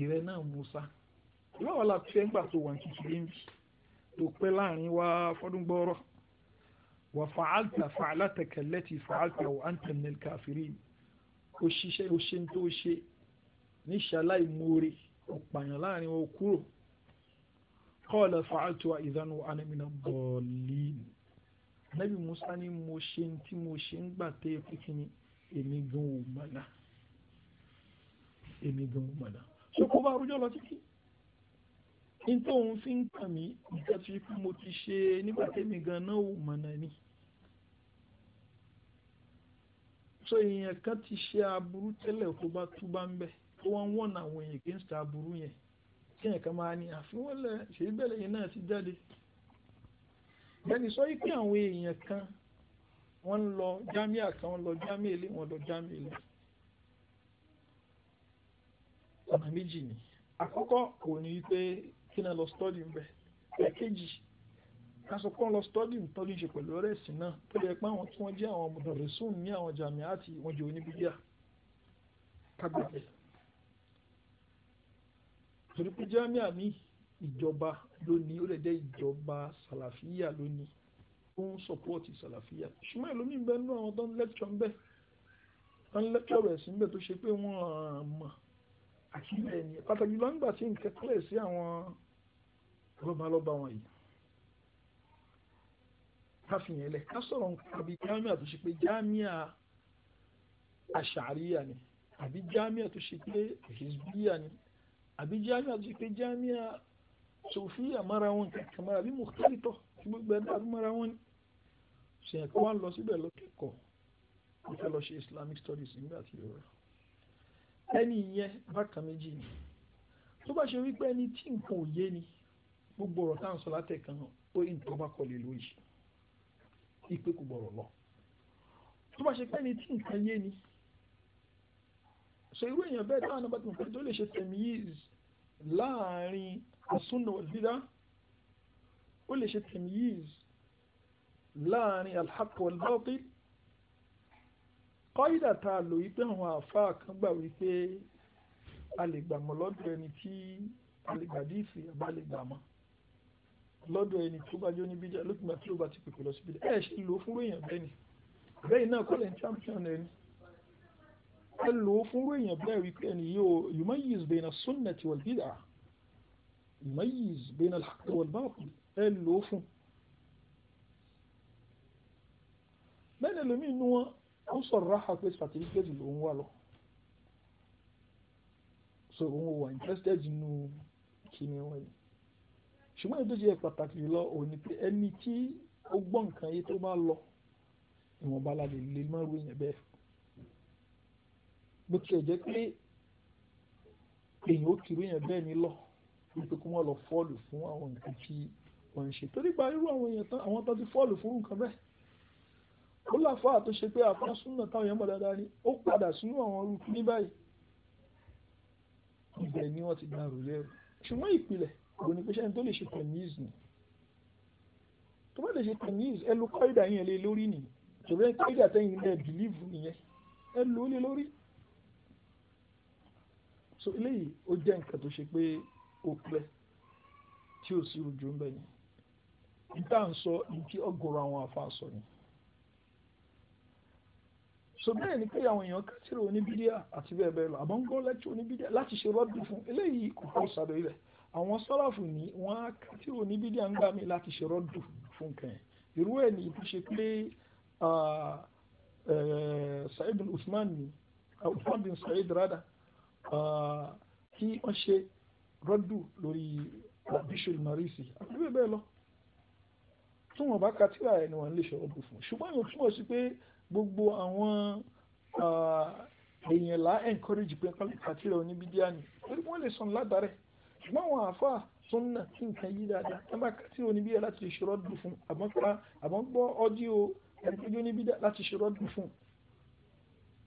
ìrẹ́ náà Musa ìbáwọ̀ la fẹ́ ń gbà tó wà kékeré ń bì tó pẹ́ láàrin wa fọdún gbọ́rọ̀ wà fàáltà fàálàtà kẹlẹ́tì fàáltà wà áńtà minal kafirin ó ṣiṣẹ́ ó ṣe ń tó ṣe níṣàláì mórí ọ̀pààyàn láàrin wọn kúrò kọ́ọ̀lá fàáltà ìdánù anamina bọ̀ọ̀lìn Nabi Musa ni mo ṣe ń tí mo ṣe ń gbà tẹ́ ẹ pé ni èmi gan ò mọ̀ náà èmi gan mọ̀nà ṣé kó bá rújọ́ lọ títí ní tóun fi ń kàn mí nígbà tó yẹ kó mo ti ṣe nígbà tẹ́mi gan náà ò mọ̀nà ni. so èèyàn kan ti ṣe aburú tẹ́lẹ̀ kó bá tú bá ń bẹ̀ tó wọ́n wọ̀n àwọn èèyàn kì í ṣe aburú yẹn kí èèyàn kan máa ní àfihàn lẹ̀ ṣèyí bẹ́ẹ̀ lẹ́yìn náà ti jáde. bẹ́ẹ̀ni sọ pé àwọn èèyàn kan wọ́n lọ jámíà kan wọ́n lọ jámíà ilé wọ́n lọ jámíà ilé ọ̀nà méjì ni àkọ́kọ́ kò ní wípé kí náà lọ stọ́dì ń bẹ̀ ẹ̀kejì kásọ pé wọ́n lọ stọ́dì tọ́jú ṣe pẹ̀lú ọ̀rẹ́ ẹ̀sìn náà tó lè pé àwọn tí wọ́n jẹ́ àwọn mọ̀dọ̀rẹ́sùn ní àwọn jàmíà àti wọn jẹ́ oníbíyà kágbàgbẹ́ torí pé jàmíà ní ìjọba lónìí ó lè jẹ́ ìjọba sàlàfíà lónìí ó ń sọpọ́ọ̀tì sàlàfíà ṣùgbọ́n ìlú mi ń bẹ àwọn tó ń lẹ́kṣọ̀ ń tó ń lẹ́kṣọ̀ rẹ̀ sí ń tó ṣe pé wọ́n mọ̀ àkílẹ̀ ni pàtàkì jùlọ nígbà tí nǹkan clear sí àwọn lọ́balọ́ba wọn yìí káfíyàn lẹ̀ ká sọ̀rọ̀ nǹkan àbí jámíà tó ṣe pé jámíà àṣàríyà ni àbí jámíà tó ṣe pé hizbíyà ni àbí jámíà tó ṣe pé jámíà sòfíà mara wọn kankan mara bí mùkítàlítọ̀ tí gbogbo ẹ̀dá mara wọn ni ṣèyàn kí lọ síbẹ̀ lọ kẹ́kọ̀ọ́ wọ́n fẹ́ lọ ṣe Islamic studies nígbà tí ó rẹ̀ ẹni yẹn bákan méjì ni tó bá ṣe wípé ẹni tí nǹkan ò yé ni gbogbo ọ̀rọ̀ tá à ń sọ látẹ̀kan ó yí nǹkan bá kọ lè lóyè ìpè kò gbọ̀rọ̀ lọ tó bá ṣe pé ẹni tí nǹkan yé ni ṣe irú èèyàn bẹ́ẹ̀ táwọn ọba ń pè tó lè ṣe tẹ̀míyìz láàrin asúnà òdìdá ó lè ṣe tẹ̀míyìz láàrin alhaq wal kọ́ídà tá a lò wípé àwọn àáfàá kan gbà wípé a lè gbàmọ́ lọ́dọ̀ ẹni tí a lè gbàdíìsì àbá lè gbàmọ́ lọ́dọ̀ ẹni tó bá jó ní bíjà lókùnbà tí ó bá ti pèpè lọ sí bíjà ẹ̀ ṣe lò ó fúnrú èèyàn bẹ́ẹ̀ ni bẹ́ẹ̀ náà kọ́lẹ̀ ń champion ẹni ẹ lò ó fúnrú èèyàn bẹ́ẹ̀ wípé ẹni yóò yumayiz bayna sunnati wal bid'a yumayiz bayna al-haqq wal batil ẹ lò ó fún bẹ́ẹ̀ ni lómi inú wọn ó sọ̀rọ̀ ráhà pé certificate ló ń wà lọ so òun wà interested nínú kíni wọn yìí ṣùgbọ́n èdè jẹ́ pàtàkì lọ òní pé ẹni tí ó gbọ́ nǹkan yìí tó bá lọ ìwọ̀nba la lè lè má ròyìn bẹ́ẹ̀ bó tiẹ̀ jẹ́ pé èèyàn ó kiri yẹn bẹ́ẹ̀ ni lọ wípé kó wọ́n lọ fọ́ọ̀lù fún àwọn nǹkan tí wọ́n ń ṣe torí gba irú àwọn èèyàn tán àwọn tó ti fọ́ọ̀lù fún nǹkan bẹ́ẹ̀ kólàfà tó ṣe pé àpá súnà táwọn èèyàn mọ̀ dáadáa ni ó padà sínú àwọn orúkú ní báyìí ibẹ̀ ni wọ́n ti dàrú lẹ́rù ṣùgbọ́n ìpìlẹ̀ kò ní pé sẹ́ni tó lè ṣe tẹ̀míìz ni tó bá lè ṣe tẹ̀míìz ẹ lo kọ́ìdà yẹn lé lórí nì tòbí ẹ kọ́ìdà tẹ́yìn lẹ́ bìlíìfù nìyẹn ẹ lò lé lórí so eléyìí ó jẹ́ nǹkan tó ṣe pé ó pẹ́ tí ò sí ojú ń bẹ̀ yẹn ìta sọ ìdí ọgọ́rọ̀ àwọn àfa sọ yẹn so bẹ́ẹ̀ ni pé àwọn èèyàn kẹ́sìrì oníbídíà àti bẹ́ẹ̀ bẹ́ẹ̀ lọ àmọ́ ń gbọ́ lẹ́kṣọ̀ oníbídíà láti ṣe rọ́dù fún eléyìí kò kọ́ sàbẹ̀ ilẹ̀ àwọn sọ́láfù ní wọ́n á kẹ́sìrì oníbídíà ń gbà mí láti ṣe rọ́dù fún kẹ́yìn irú ẹ̀ ní ibi ṣe pé Said Usman ni Usman bin Said rada kí wọ́n ṣe rọ́dù lórí Bishul Marisi àti bẹ́ẹ̀ bẹ́ẹ̀ lọ tí wọ́n bá ka tíra ẹ̀ ni wọ́n lè ṣe rọ́dù fún ṣùgbọ́n gbogbo àwọn èèyàn là encourage pé kọ́lẹ́kà tí rẹ̀ oníbídíà ni wọ́n lè sọ̀n ládàrẹ̀ ṣùgbọ́n àwọn àfa sunna tí nǹkan yí dáadáa ẹ bá kàtí oníbídíà láti lè ṣòro dùn fún àmọ́ gbọ́ ọdíò ẹ̀ẹ́dẹ́gbẹ́jọ́ oníbídíà láti ṣòro dùn fún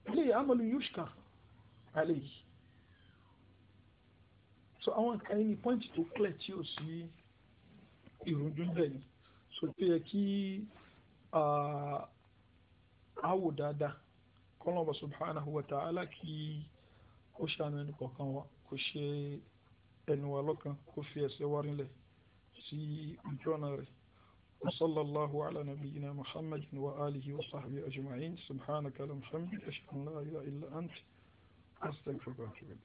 ilé àmọ́lù yushka alayhi so àwọn nǹkan yìí ni pọ́ǹtì tó clear tí ò sí ìrújú bẹ́ẹ̀ ni so tó yẹ kí àwò dáadáa kọ́lọ́ọ̀bà subhanahu wa ta'ala kí ó ṣàánú ẹni kọ̀ọ̀kan wa kò ṣe ẹni wa lọ́kàn kó fi ẹsẹ̀ wa rinlẹ̀ sí ojú ọ̀nà rẹ̀ وصلى الله على نبينا محمد وآله وصحبه أجمعين سبحانك اللهم وبحمدك أشهد أن لا إله إلا أنت أستغفرك وأتوب إليك